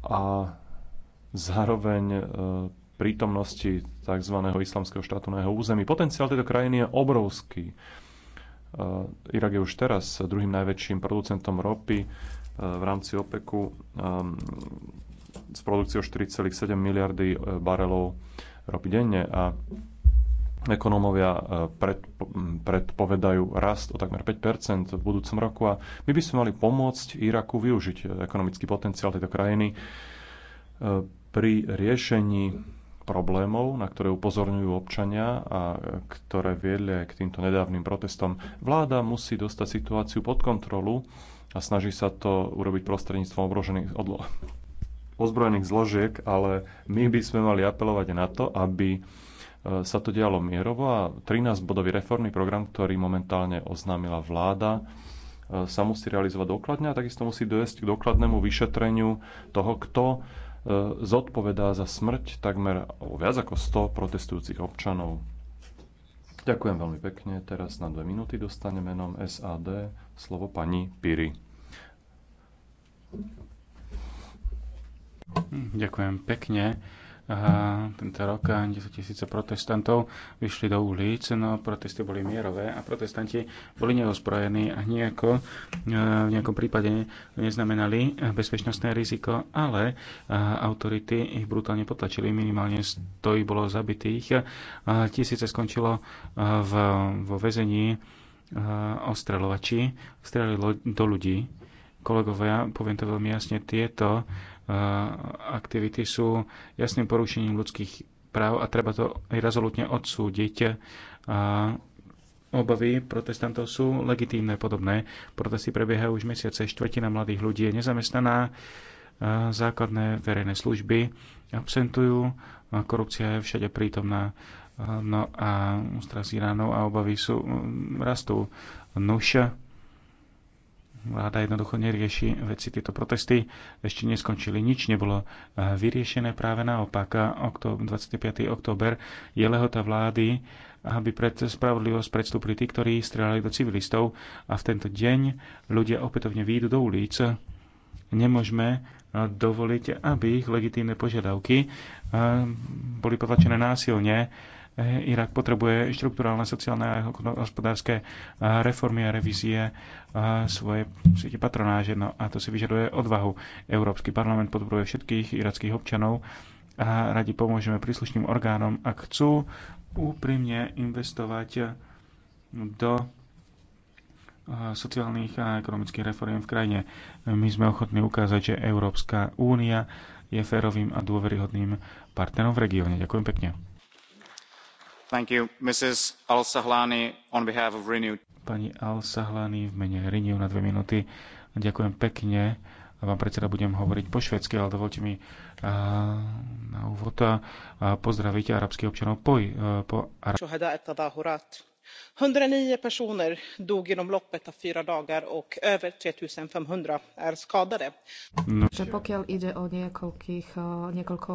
a zároveň e, prítomnosti tzv. islamského štátu na jeho území. Potenciál tejto krajiny je obrovský. Uh, Irak je už teraz druhým najväčším producentom ropy uh, v rámci OPEKu um, s produkciou 4,7 miliardy uh, barelov ropy denne a ekonómovia predpovedajú rast o takmer 5 v budúcom roku a my by sme mali pomôcť Iraku využiť ekonomický potenciál tejto krajiny pri riešení problémov, na ktoré upozorňujú občania a ktoré viedli aj k týmto nedávnym protestom. Vláda musí dostať situáciu pod kontrolu a snaží sa to urobiť prostredníctvom obrožených odlo- ozbrojených zložiek, ale my by sme mali apelovať na to, aby e, sa to dialo mierovo a 13-bodový reformný program, ktorý momentálne oznámila vláda, e, sa musí realizovať dokladne a takisto musí dojsť k dokladnému vyšetreniu toho, kto E, zodpovedá za smrť takmer o viac ako 100 protestujúcich občanov. Ďakujem veľmi pekne. Teraz na dve minúty dostane menom SAD slovo pani Piri. Hm, ďakujem pekne
tento rok 10 tisíce protestantov vyšli do ulic, no protesty boli mierové a protestanti boli neozbrojení a nejako, e, v nejakom prípade neznamenali bezpečnostné riziko, ale e, autority ich brutálne potlačili. Minimálne 100 bolo zabitých, tisíce skončilo e, v, vo vezení ostrelovači, strelilo do ľudí. Kolegovia, poviem to veľmi jasne, tieto aktivity sú jasným porušením ľudských práv a treba to aj rezolutne odsúdiť. A obavy protestantov sú legitímne podobné. Protesty prebiehajú už mesiace, štvrtina mladých ľudí je nezamestnaná, základné verejné služby absentujú, korupcia je všade prítomná. No a strasy ránov a obavy sú, rastú. Nuž vláda jednoducho nerieši veci. Tieto protesty ešte neskončili, nič nebolo eh, vyriešené, práve naopak. 25. október je lehota vlády, aby pred spravodlivosť predstúpili tí, ktorí strelali do civilistov a v tento deň ľudia opätovne výjdu do ulic. Nemôžeme eh, dovoliť, aby ich legitímne požiadavky eh, boli potlačené násilne Irak potrebuje štruktúrálne, sociálne a hospodárske reformy a revízie svoje siete patronáže. No a to si vyžaduje odvahu. Európsky parlament podporuje všetkých irackých občanov a radi pomôžeme príslušným orgánom, ak chcú úprimne investovať do sociálnych a ekonomických reform v krajine. My sme ochotní ukázať, že Európska únia je férovým a dôveryhodným partnerom v regióne. Ďakujem pekne. Pani Al-Sahlani v mene Renew na dve minúty. Ďakujem pekne. Vám predseda budem hovoriť po švedsky, ale dovolte mi na úvod a pozdraviť arabských občanov po, e, po arabských.
109 personer dog inom loppet av fyra dagar och över 3500 är skadade. No. Že pokiaľ ide o niekoľkých, niekoľko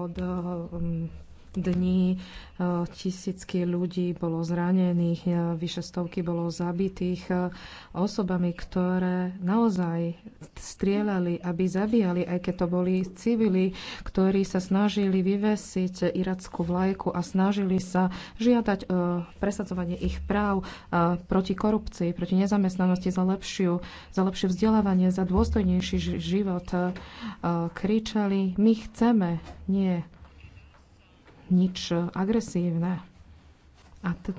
dní. Eh, tisícky ľudí bolo zranených, eh, vyše stovky bolo zabitých eh, osobami, ktoré naozaj strieľali, aby zabíjali, aj keď to boli civili, ktorí sa snažili vyvesiť irackú vlajku a snažili sa žiadať presadzovanie ich práv proti korupcii, proti nezamestnanosti, za, lepšiu, za lepšie vzdelávanie, za dôstojnejší život. Kričali, my chceme, nie nič agresívne. A, t-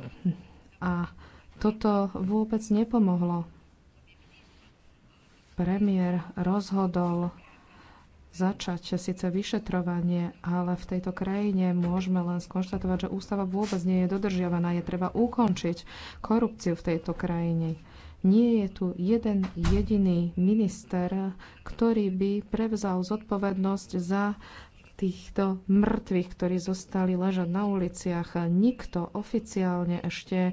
a toto vôbec nepomohlo. Premiér rozhodol začať síce vyšetrovanie, ale v tejto krajine môžeme len skonštatovať, že ústava vôbec nie je dodržiavaná. Je treba ukončiť korupciu v tejto krajine. Nie je tu jeden jediný minister, ktorý by prevzal zodpovednosť za týchto mŕtvych, ktorí zostali ležať na uliciach. Nikto oficiálne ešte e,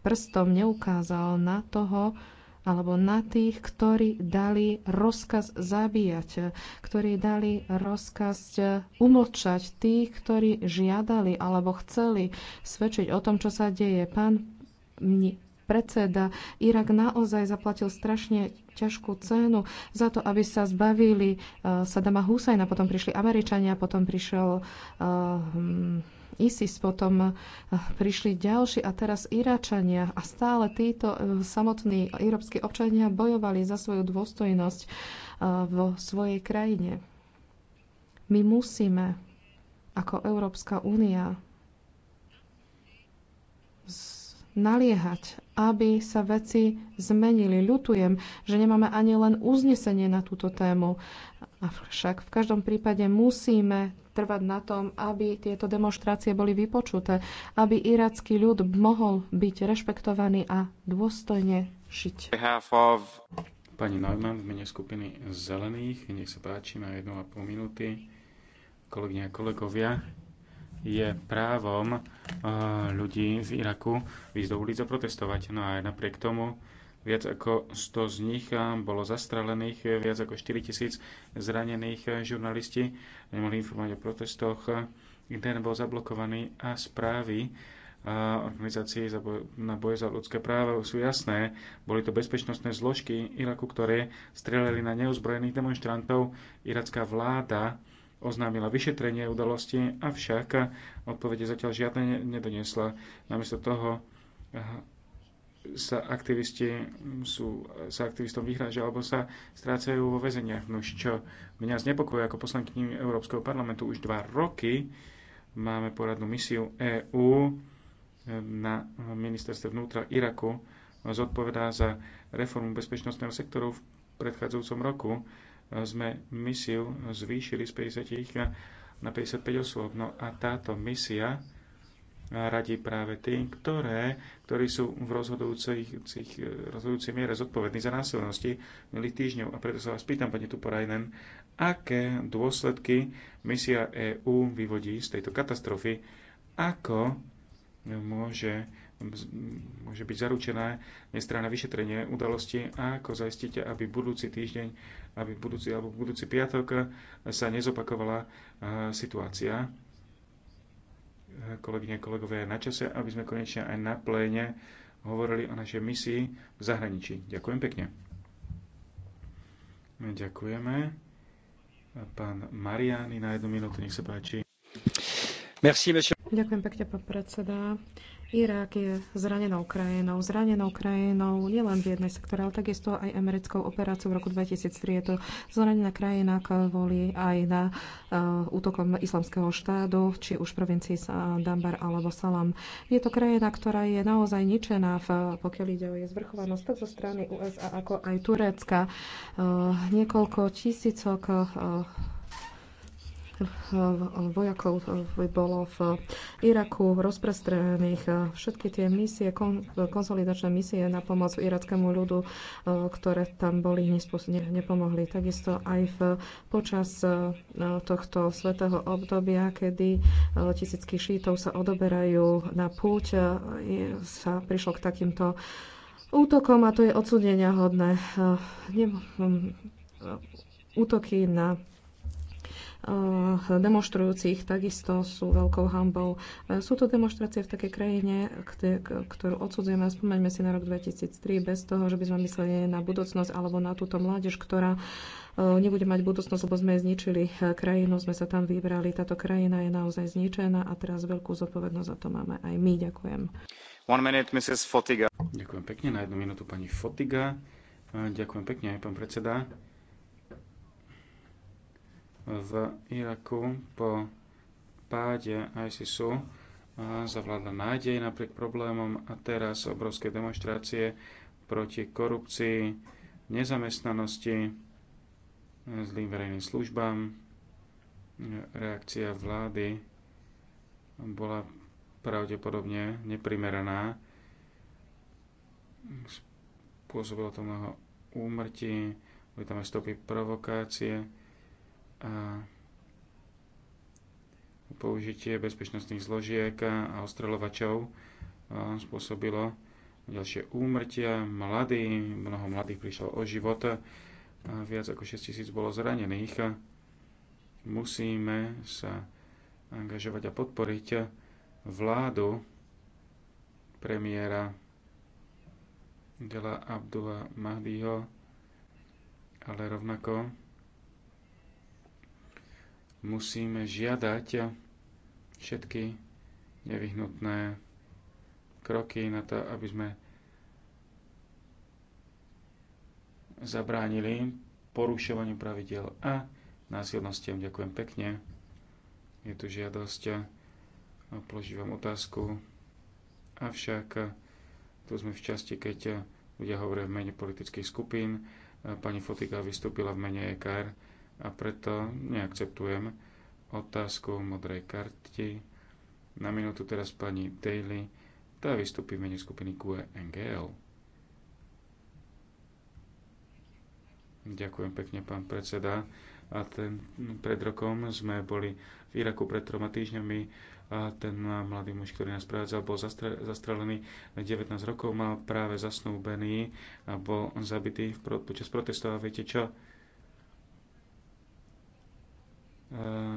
prstom neukázal na toho, alebo na tých, ktorí dali rozkaz zabíjať, ktorí dali rozkaz e, umlčať tých, ktorí žiadali alebo chceli svedčiť o tom, čo sa deje. Pán predseda, Irak naozaj zaplatil strašne ťažkú cenu za to, aby sa zbavili e, Sadama Husajna, potom prišli Američania, potom prišiel e, hm, ISIS, potom e, prišli ďalší a teraz Iračania a stále títo samotní európsky občania bojovali za svoju dôstojnosť vo svojej krajine. My musíme ako Európska únia naliehať, aby sa veci zmenili. Ľutujem, že nemáme ani len uznesenie na túto tému. Avšak v každom prípade musíme trvať na tom, aby tieto demonstrácie boli vypočuté, aby iracký ľud mohol byť rešpektovaný a dôstojne žiť.
Pani Norman v mene skupiny Zelených, nech sa páči, na pol minúty. Kolegyne a kolegovia, je právom eh, ľudí z Iraku výjsť do ulic a protestovať. No a aj napriek tomu viac ako 100 z nich eh, bolo zastrelených, eh, viac ako 4 tisíc zranených žurnalisti nemohli informovať o protestoch. Internet bol zablokovaný a správy organizácií na boje za ľudské práva sú jasné. Boli to bezpečnostné zložky Iraku, ktoré streleli na neuzbrojených demonstrantov. Iracká vláda oznámila vyšetrenie udalosti, avšak odpovede zatiaľ žiadne nedoniesla. Namiesto toho eh, sa aktivisti sú, sa aktivistom vyhrážia alebo sa strácajú vo väzeniach. No čo mňa znepokojuje ako poslankyni Európskeho parlamentu už dva roky máme poradnú misiu EÚ eh, na ministerstve vnútra Iraku zodpovedá za reformu bezpečnostného sektoru v predchádzajúcom roku sme misiu zvýšili z 50 na 55 osôb. No a táto misia radí práve tým, ktoré, ktorí sú v rozhodujúcich, rozhodujúcej miere zodpovední za násilnosti milých týždňov. A preto sa vás pýtam, pani Tuporajnen, aké dôsledky misia EÚ vyvodí z tejto katastrofy, ako môže, môže byť zaručené nestranné vyšetrenie udalosti a ako zaistíte, aby budúci týždeň aby v budúci alebo v budúci piatok sa nezopakovala eh, situácia. Eh, kolegyne, kolegové, na čase, aby sme konečne aj na pléne hovorili o našej misii v zahraničí. Ďakujem pekne. Ďakujeme. Pán Mariani na jednu minútu, nech sa páči. Merci,
Ďakujem pekne, pán predseda. Irak je zranenou krajinou, zranenou krajinou nielen v jednej sektore, ale takisto aj americkou operáciou v roku 2003. Je to zranená krajina kvôli aj na uh, útokom islamského štádu, či už provincii Dambar alebo Salam. Je to krajina, ktorá je naozaj ničená, v, pokiaľ ide o jej zvrchovanosť, tak zo strany USA ako aj Turecka. Uh, niekoľko tisícok uh, vojakov bolo v Iraku rozprestrených. Všetky tie misie, konsolidačné misie na pomoc irackému ľudu, e, ktoré tam boli, nepomohli. Takisto aj v, počas e, tohto svetého obdobia, kedy e, tisícky šítov sa odoberajú na púť, sa prišlo k takýmto útokom a to je odsudenia hodné. Útoky na Eh, demonstrujúcich takisto sú veľkou hambou. Eh, sú to demonstrácie v takej krajine, ktorú odsudzujeme. Spomeňme si na rok 2003 bez toho, že by sme mysleli na budúcnosť alebo na túto mládež, ktorá eh, nebude mať budúcnosť, lebo sme zničili krajinu, sme sa tam vybrali. Táto krajina je naozaj zničená a teraz veľkú zodpovednosť za to máme aj my. Ďakujem. One minute,
Mrs. Fotiga. Ďakujem pekne. Na jednu minútu pani Fotiga. Ďakujem pekne aj pán predseda v Iraku po páde ISISu zavládla nádej napriek problémom a teraz obrovské demonstrácie proti korupcii, nezamestnanosti, zlým verejným službám. Reakcia vlády bola pravdepodobne neprimeraná. Spôsobilo to mnoho úmrtí, boli tam aj stopy provokácie a použitie bezpečnostných zložiek a ostreľovačov spôsobilo ďalšie úmrtia. Mladí, mnoho mladých prišlo o život, a viac ako 6 tisíc bolo zranených. Musíme sa angažovať a podporiť vládu premiéra Dela Abdula Mahdiho, ale rovnako musíme žiadať všetky nevyhnutné kroky na to, aby sme zabránili porušovaniu pravidel a násilnostiam. Ďakujem pekne. Je tu žiadosť a položím otázku. Avšak tu sme v časti, keď ľudia hovoria v mene politických skupín. Pani Fotika vystúpila v mene EKR a preto neakceptujem otázku modrej karty. Na minútu teraz pani Daly, tá vystupí v mene skupiny QNGL. Ďakujem pekne, pán predseda. A ten, pred rokom sme boli v Iraku pred troma týždňami a ten mladý muž, ktorý nás prevádzal, bol zastre, zastrelený 19 rokov, mal práve zasnúbený a bol zabitý v, počas protestov. A viete čo?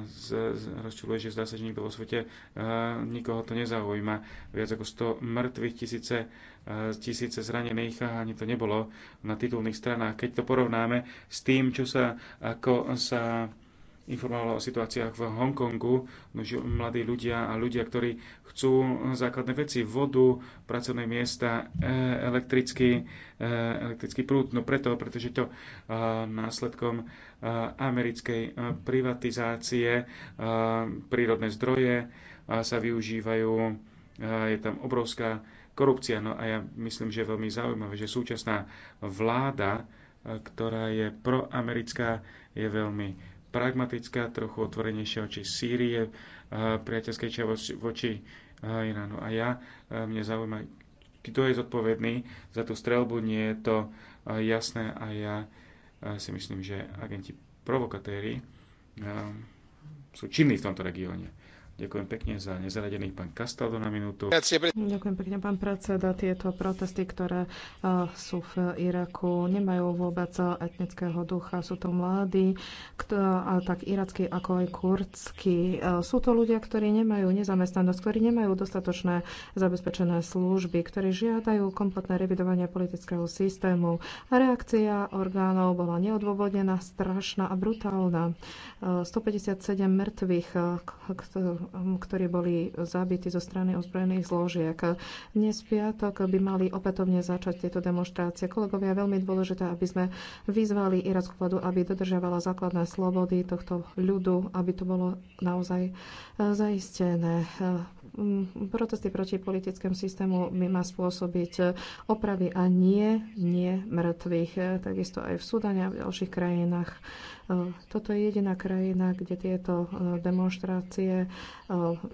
z, z, rozčuluje, že zdá sa, že nikto vo svete uh, nikoho to nezaujíma. Viac ako 100 mŕtvych, tisíce, uh, tisíce zranených a ani to nebolo na titulných stranách. Keď to porovnáme s tým, čo sa, ako sa informovala o situáciách v Hongkongu, mladí ľudia a ľudia, ktorí chcú základné veci, vodu, pracovné miesta, e, elektrický, e, elektrický prúd. No preto, pretože to e, následkom americkej privatizácie prírodné zdroje sa využívajú, je tam obrovská korupcia. No a ja myslím, že je veľmi zaujímavé, že súčasná vláda, ktorá je proamerická, je veľmi pragmatická, trochu otvorenejšia oči Sýrie, eh, priateľskejšia voči, voči eh, Iránu. A ja, eh, mne zaujíma, kto je zodpovedný za tú strelbu, nie je to jasné a ja si myslím, že agenti provokatéri sú činní v tomto regióne. Ďakujem pekne za nezaradený pán Kastaldo na minútu.
Ďakujem pekne pán predseda. Tieto protesty, ktoré eh, sú v Iraku, nemajú vôbec eh, etnického ducha. Sú to mladí, a tak irackí ako aj kurdskí. Eh, sú to ľudia, ktorí nemajú nezamestnanosť, ktorí nemajú dostatočné zabezpečené služby, ktorí žiadajú kompletné revidovanie politického systému. A reakcia orgánov bola neodôvodnená, strašná a brutálna. 157 mŕtvych, ktorí boli zabití zo strany ozbrojených zložiek. Dnes piatok by mali opätovne začať tieto demonstrácie. Kolegovia, veľmi dôležité, aby sme vyzvali irackú vládu, aby dodržiavala základné slobody tohto ľudu, aby to bolo naozaj e, zaistené. E, protesty proti politickému systému by má spôsobiť e, opravy a nie, nie mŕtvych. Takisto aj v Sudane a v ďalších krajinách E, toto je jediná krajina, kde tieto e, demonstrácie e,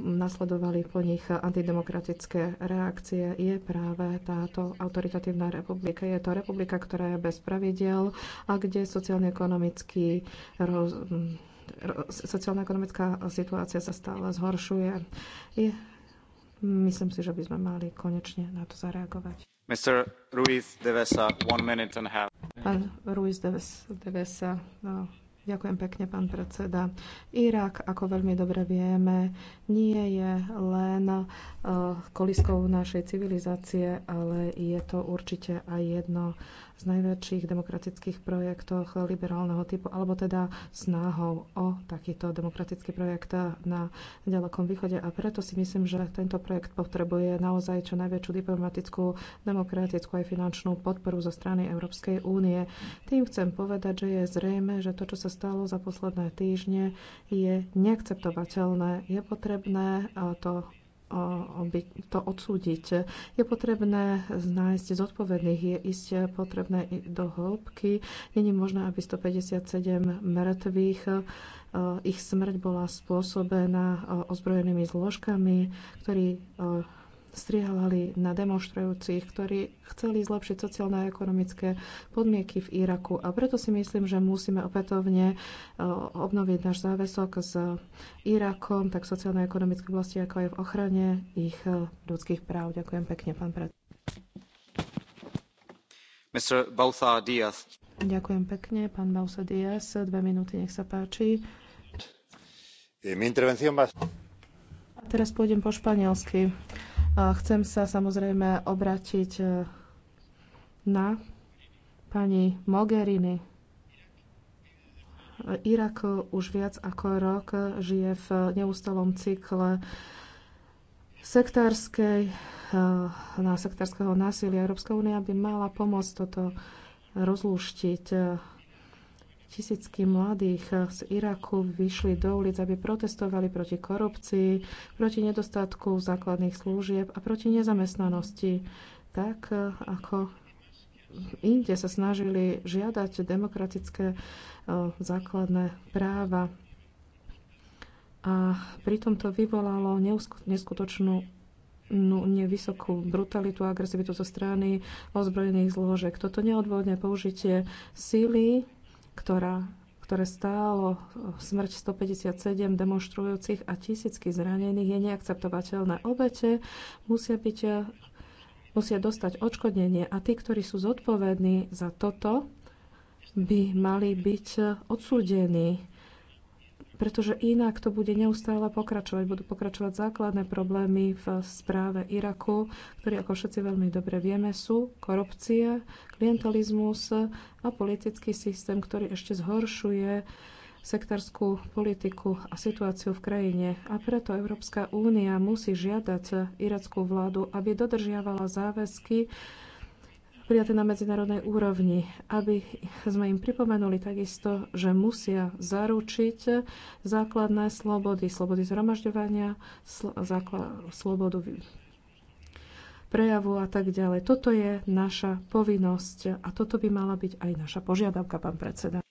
nasledovali po nich antidemokratické reakcie. Je práve táto autoritatívna republika. Je to republika, ktorá je bez pravidel a kde sociálne-ekonomický roz sociálno-ekonomická situácia sa stále zhoršuje. Je, myslím si, že by sme mali konečne na to zareagovať.
Mr. Ruiz de Vesa, one minute and a half.
Pán Ruiz de Vesa, no, Ďakujem pekne, pán predseda. Irak, ako veľmi dobre vieme, nie je len eh, koliskou našej civilizácie, ale je to určite aj jedno z najväčších demokratických projektoch liberálneho typu, alebo teda snahou o takýto demokratický projekt na ďalekom východe. A preto si myslím, že tento projekt potrebuje naozaj čo najväčšiu diplomatickú, demokratickú aj finančnú podporu zo strany Európskej únie. Tým chcem povedať, že je zrejme, že to, čo sa stalo za posledné týždne, je neakceptovateľné. Je potrebné eh, to to odsúdiť. Je potrebné nájsť zodpovedných, je ísť potrebné do hĺbky. Není možné, aby 157 mŕtvych ich smrť bola spôsobená ozbrojenými zložkami, ktorí strieľali na demonštrujúcich, ktorí chceli zlepšiť sociálne a ekonomické podmienky v Iraku. A preto si myslím, že musíme opätovne e, obnoviť náš záväzok s Irakom, tak sociálne a ekonomické oblasti, ako aj v ochrane ich e, ľudských práv. Ďakujem pekne, pán predseda. Ďakujem pekne, pán Bausa Diaz, Dve minúty, nech sa páči.
Eh, a
teraz pôjdem po španielsky. Chcem sa samozrejme obratiť e, na pani Mogherini. Irak už viac ako rok žije v neustalom cykle sektárskej, e, na sektárskeho násilia. Európska únia by mala pomôcť toto rozluštiť. Tisícky mladých z Iraku vyšli do ulic, aby protestovali proti korupcii, proti nedostatku základných služieb a proti nezamestnanosti. Tak eh, ako inde sa snažili žiadať demokratické eh, základné práva. A pritom to vyvolalo neskutočnú no, nevysokú brutalitu a agresivitu zo strany ozbrojených zložiek. Toto neodvodné použitie síly ktorá, ktoré stálo e, smrť 157 demonstrujúcich a tisícky zranených, je neakceptovateľné. Obete musia byť e, musia dostať odškodnenie a tí, ktorí sú zodpovední za toto, by mali byť odsúdení pretože inak to bude neustále pokračovať. Budú pokračovať základné problémy v správe Iraku, ktoré, ako všetci veľmi dobre vieme, sú korupcie, klientelizmus a politický systém, ktorý ešte zhoršuje sektárskú politiku a situáciu v krajine. A preto Európska únia musí žiadať irackú vládu, aby dodržiavala záväzky prijaté na medzinárodnej úrovni, aby sme im pripomenuli takisto, že musia zaručiť základné slobody, slobody zhromažďovania, sl- základ, slobodu prejavu a tak ďalej. Toto je naša povinnosť a toto by mala byť aj naša požiadavka, pán predseda.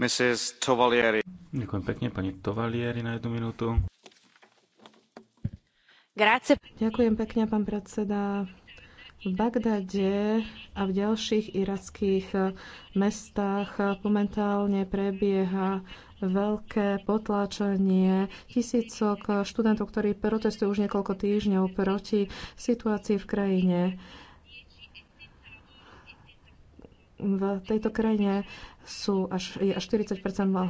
Mrs. Tovalieri. Ďakujem pekne, pani Tovalieri na jednu minútu.
Grazie. Ďakujem pekne, pán predseda. V Bagdade a v ďalších irackých mestách momentálne prebieha veľké potláčanie tisícok študentov, ktorí protestujú už niekoľko týždňov proti situácii v krajine. V tejto krajine sú až, je až 40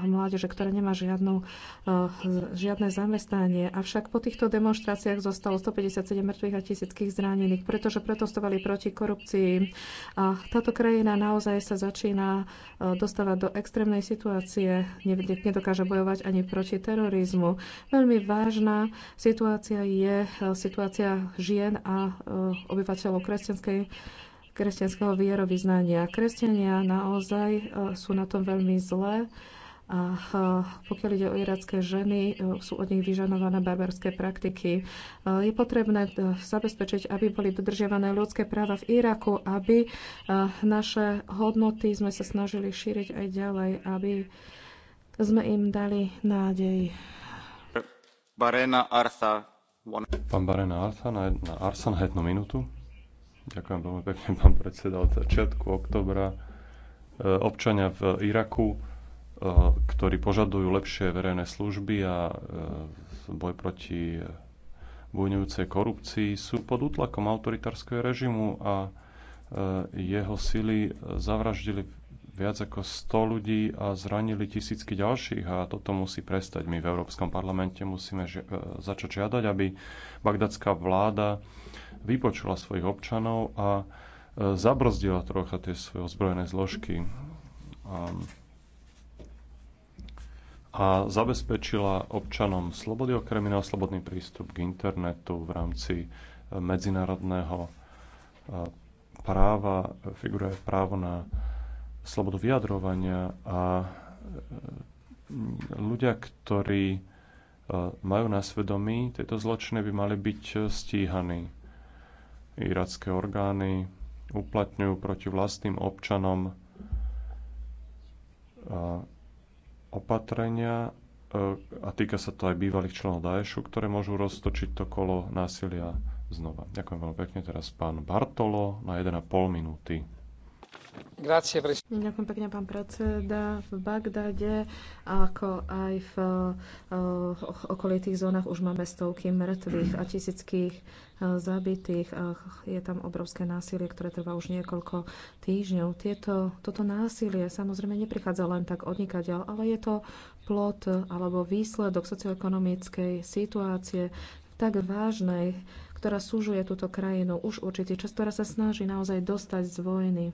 mládeže, ktorá nemá žiadnu, eh, žiadne zamestnanie. Avšak po týchto demonstráciách zostalo 157 mŕtvych a tisíckých zranených, pretože protestovali proti korupcii. A táto krajina naozaj sa začína eh, dostávať do extrémnej situácie, nedokáže bojovať ani proti terorizmu. Veľmi vážna situácia je eh, situácia žien a obyvateľov kresťanskej kresťanského vierovýznania. Kresťania naozaj e, sú na tom veľmi zlé A e, pokiaľ ide o iracké ženy, e, sú od nich vyžanované barbarské praktiky. Je potrebné zabezpečiť, aby boli dodržiavané ľudské práva v Iraku, aby naše hodnoty sme sa snažili šíriť aj ďalej, aby sme im dali nádej.
Barena Arsa.
Pán Barena Arsa na, Arsa na jednu minútu. Ďakujem veľmi pekne, [laughs] pán predseda. Od začiatku oktobra e, občania v Iraku, e, ktorí požadujú lepšie verejné služby a e, boj proti bujňujúcej korupcii, sú pod útlakom autoritárskeho režimu a jeho sily zavraždili viac ako 100 ľudí a zranili tisícky ďalších a toto musí prestať. My v Európskom parlamente musíme e, začať žiadať, aby bagdadská vláda vypočula svojich občanov a e, zabrzdila trocha tie svoje ozbrojené zložky a, a zabezpečila občanom slobody, okrem iného slobodný prístup k internetu v rámci e, medzinárodného práva, figuruje právo na slobodu vyjadrovania a e, ľudia, ktorí e, majú na svedomí tieto zločiny, by mali byť stíhaní. Iracké orgány uplatňujú proti vlastným občanom e, opatrenia a týka sa to aj bývalých členov Daešu, ktoré môžu roztočiť to kolo násilia znova. Ďakujem veľmi pekne teraz pán Bartolo na 1,5 minúty.
Ďakujem pekne, pán predseda. V Bagdade, ako aj v eh, okolitých zónach, už máme stovky mŕtvych a tisíckých eh, zabitých. Eh, je tam obrovské násilie, ktoré trvá už niekoľko týždňov. Tieto, toto násilie samozrejme neprichádza len tak odnikať, ale je to plot alebo výsledok socioekonomickej situácie tak vážnej, ktorá súžuje túto krajinu už určitý čas, ktorá sa snaží naozaj dostať z vojny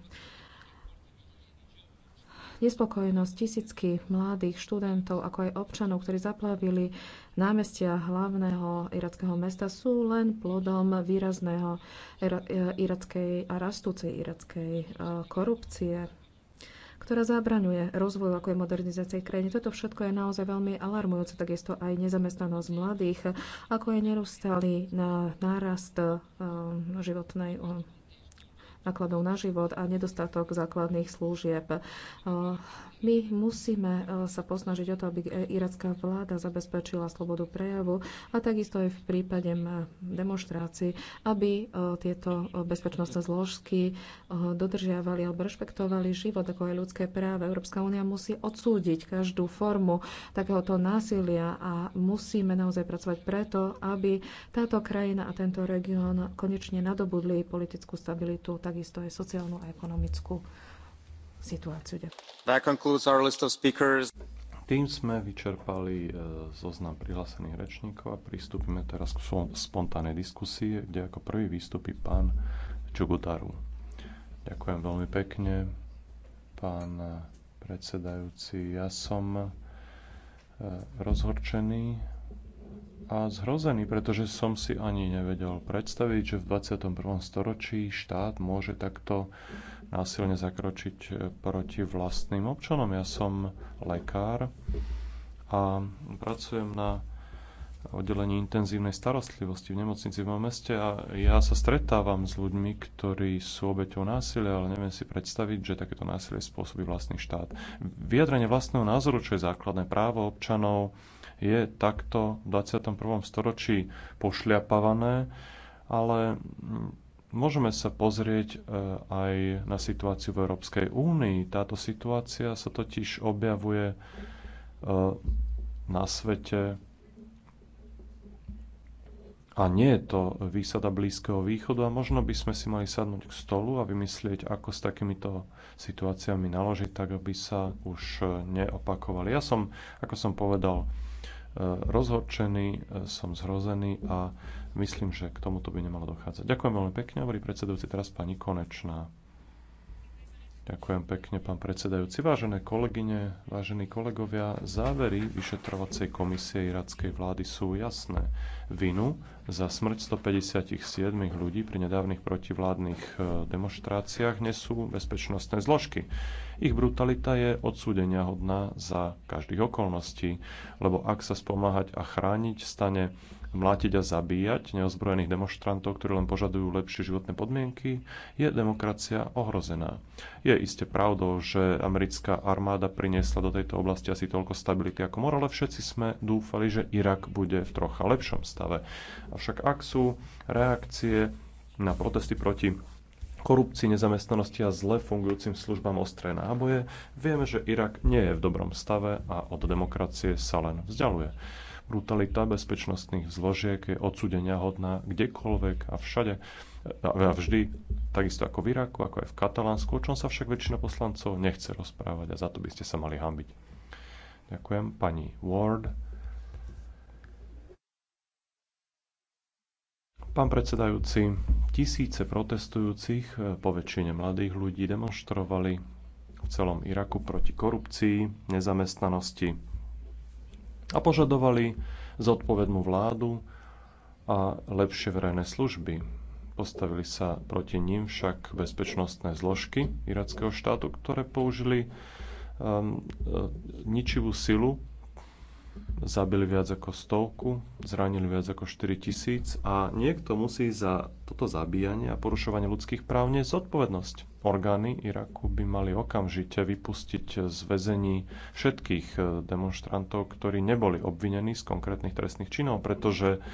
nespokojnosť tisícky mladých študentov, ako aj občanov, ktorí zaplavili námestia hlavného irackého mesta, sú len plodom výrazného e, irackej a rastúcej irackej e, korupcie ktorá zabraňuje rozvoju ako je modernizácie krajiny. Toto všetko je naozaj veľmi alarmujúce, takisto aj nezamestnanosť mladých, ako je nerustalý na e, nárast životnej nákladov na život a nedostatok základných služieb. My musíme e, sa posnažiť o to, aby e, iracká vláda zabezpečila slobodu prejavu a takisto aj v prípade demonstrácií, aby e, tieto bezpečnostné zložky dodržiavali alebo rešpektovali život ako aj ľudské práva. Európska únia musí odsúdiť každú formu takéhoto násilia a musíme naozaj pracovať preto, aby táto krajina a tento región konečne nadobudli politickú stabilitu, takisto aj sociálnu a ekonomickú situáciu.
Tým sme vyčerpali e, zoznam prihlásených rečníkov a pristúpime teraz k spontánnej diskusii, kde ako prvý vystúpi pán Čugutaru. Ďakujem veľmi pekne, pán predsedajúci. Ja som e, rozhorčený a zhrozený, pretože som si ani nevedel predstaviť, že v 21. storočí štát môže takto násilne zakročiť e, proti vlastným občanom. Ja som lekár a pracujem na oddelení intenzívnej starostlivosti v nemocnici v mojom meste a ja sa stretávam s ľuďmi, ktorí sú obeťou násilia, ale neviem si predstaviť, že takéto násilie spôsobí vlastný štát. Vyjadrenie vlastného názoru, čo je základné právo občanov, je takto v 21. storočí pošliapavané, ale môžeme sa pozrieť e, aj na situáciu v Európskej únii. Táto situácia sa totiž objavuje e, na svete a nie je to výsada Blízkeho východu a možno by sme si mali sadnúť k stolu a vymyslieť, ako s takýmito situáciami naložiť, tak aby sa už neopakovali. Ja som, ako som povedal, rozhorčený, e, som zhrozený a myslím, že k tomuto by nemalo dochádzať. Ďakujem veľmi pekne, hovorí predsedujúci teraz pani Konečná. Ďakujem pekne, pán predsedajúci. Vážené kolegyne, vážení kolegovia, závery vyšetrovacej komisie irackej vlády sú jasné. Vinu za smrť 157 ľudí pri nedávnych protivládnych e, demonstráciách nesú bezpečnostné zložky. Ich brutalita je odsúdenia hodná za každých okolností, lebo ak sa spomáhať a chrániť stane mlátiť a zabíjať neozbrojených demonstrantov, ktorí len požadujú lepšie životné podmienky, je demokracia ohrozená. Je iste pravdou, že americká armáda priniesla do tejto oblasti asi toľko stability ako morale všetci sme dúfali, že Irak bude v trocha lepšom stave. Avšak ak sú reakcie na protesty proti korupcii, nezamestnanosti a zle fungujúcim službám ostré náboje, vieme, že Irak nie je v dobrom stave a od demokracie sa len vzdialuje. Brutalita bezpečnostných zložiek je odsudenia hodná kdekoľvek a všade a vždy, takisto ako v Iraku, ako aj v Katalánsku, o čom sa však väčšina poslancov nechce rozprávať a za to by ste sa mali hambiť. Ďakujem. Pani Ward Pán predsedajúci, tisíce protestujúcich, e, po väčšine mladých ľudí, demonštrovali v celom Iraku proti korupcii, nezamestnanosti a požadovali zodpovednú vládu a lepšie verejné služby. Postavili sa proti ním však bezpečnostné zložky irackého štátu, ktoré použili um, ničivú silu zabili viac ako stovku, zranili viac ako 4 tisíc a niekto musí za toto zabíjanie a porušovanie ľudských práv niesť zodpovednosť. Orgány Iraku by mali okamžite vypustiť z väzení všetkých eh, demonstrantov, ktorí neboli obvinení z konkrétnych trestných činov, pretože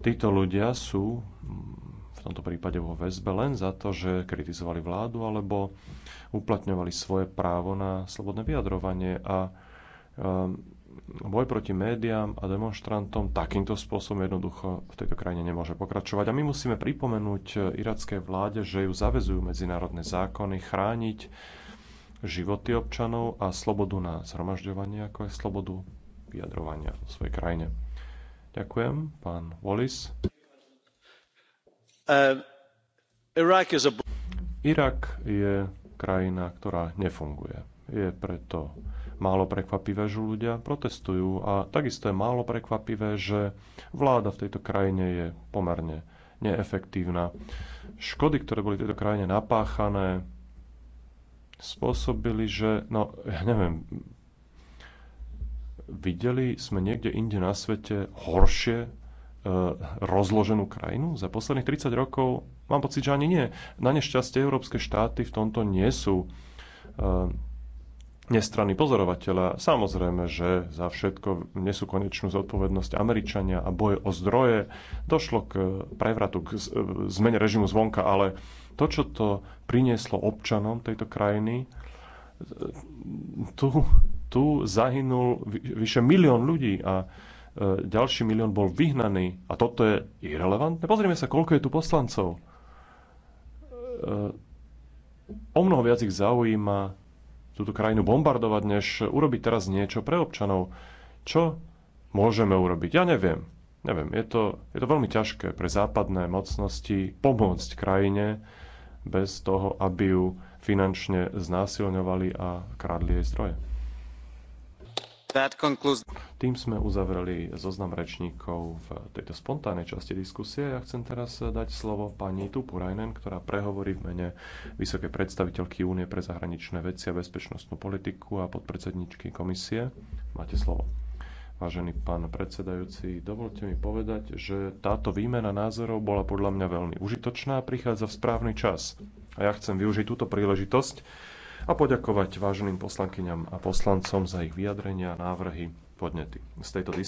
títo ľudia sú mm, v tomto prípade vo väzbe len za to, že kritizovali vládu alebo uplatňovali svoje právo na slobodné vyjadrovanie a um, boj proti médiám a demonstrantom takýmto spôsobom jednoducho v tejto krajine nemôže pokračovať. A my musíme pripomenúť e, irackej vláde, že ju zavezujú medzinárodné zákony chrániť životy občanov a slobodu na zhromažďovanie, ako aj slobodu vyjadrovania v svojej krajine. Ďakujem, pán Wallis. Uh, Irak je krajina, ktorá nefunguje. Je preto málo prekvapivé, že ľudia protestujú a takisto je málo prekvapivé, že vláda v tejto krajine je pomerne neefektívna. Škody, ktoré boli v tejto krajine napáchané, spôsobili, že, no, ja neviem, videli sme niekde inde na svete horšie e, rozloženú krajinu? Za posledných 30 rokov mám pocit, že ani nie. Na nešťastie európske štáty v tomto nie sú e, nestranný pozorovateľ. Samozrejme, že za všetko nesú konečnú zodpovednosť Američania a boje o zdroje. Došlo k prevratu, k e, zmene režimu zvonka, ale to, čo to prinieslo občanom tejto krajiny, e, tu, tu zahynul vyše milión ľudí a e, ďalší milión bol vyhnaný. A toto je irrelevantné. Pozrime sa, koľko je tu poslancov. O mnoho viac ich zaujíma túto krajinu bombardovať, než urobiť teraz niečo pre občanov. Čo môžeme urobiť? Ja neviem. Neviem, je to, je to veľmi ťažké pre západné mocnosti pomôcť krajine bez toho, aby ju finančne znásilňovali a kradli jej zdroje. Tým sme uzavreli zoznam rečníkov v tejto spontánnej časti diskusie. Ja chcem teraz dať slovo pani Tupurajnen, ktorá prehovorí v mene vysokej predstaviteľky Únie pre zahraničné veci a bezpečnostnú politiku a podpredsedničky komisie. Máte slovo. Vážený pán predsedajúci, dovolte mi povedať, že táto výmena názorov bola podľa mňa veľmi užitočná a prichádza v správny čas. A ja chcem využiť túto príležitosť, a poďakovať váženým poslankyňam a poslancom za ich vyjadrenia, návrhy, podnety. Z tejto diskusie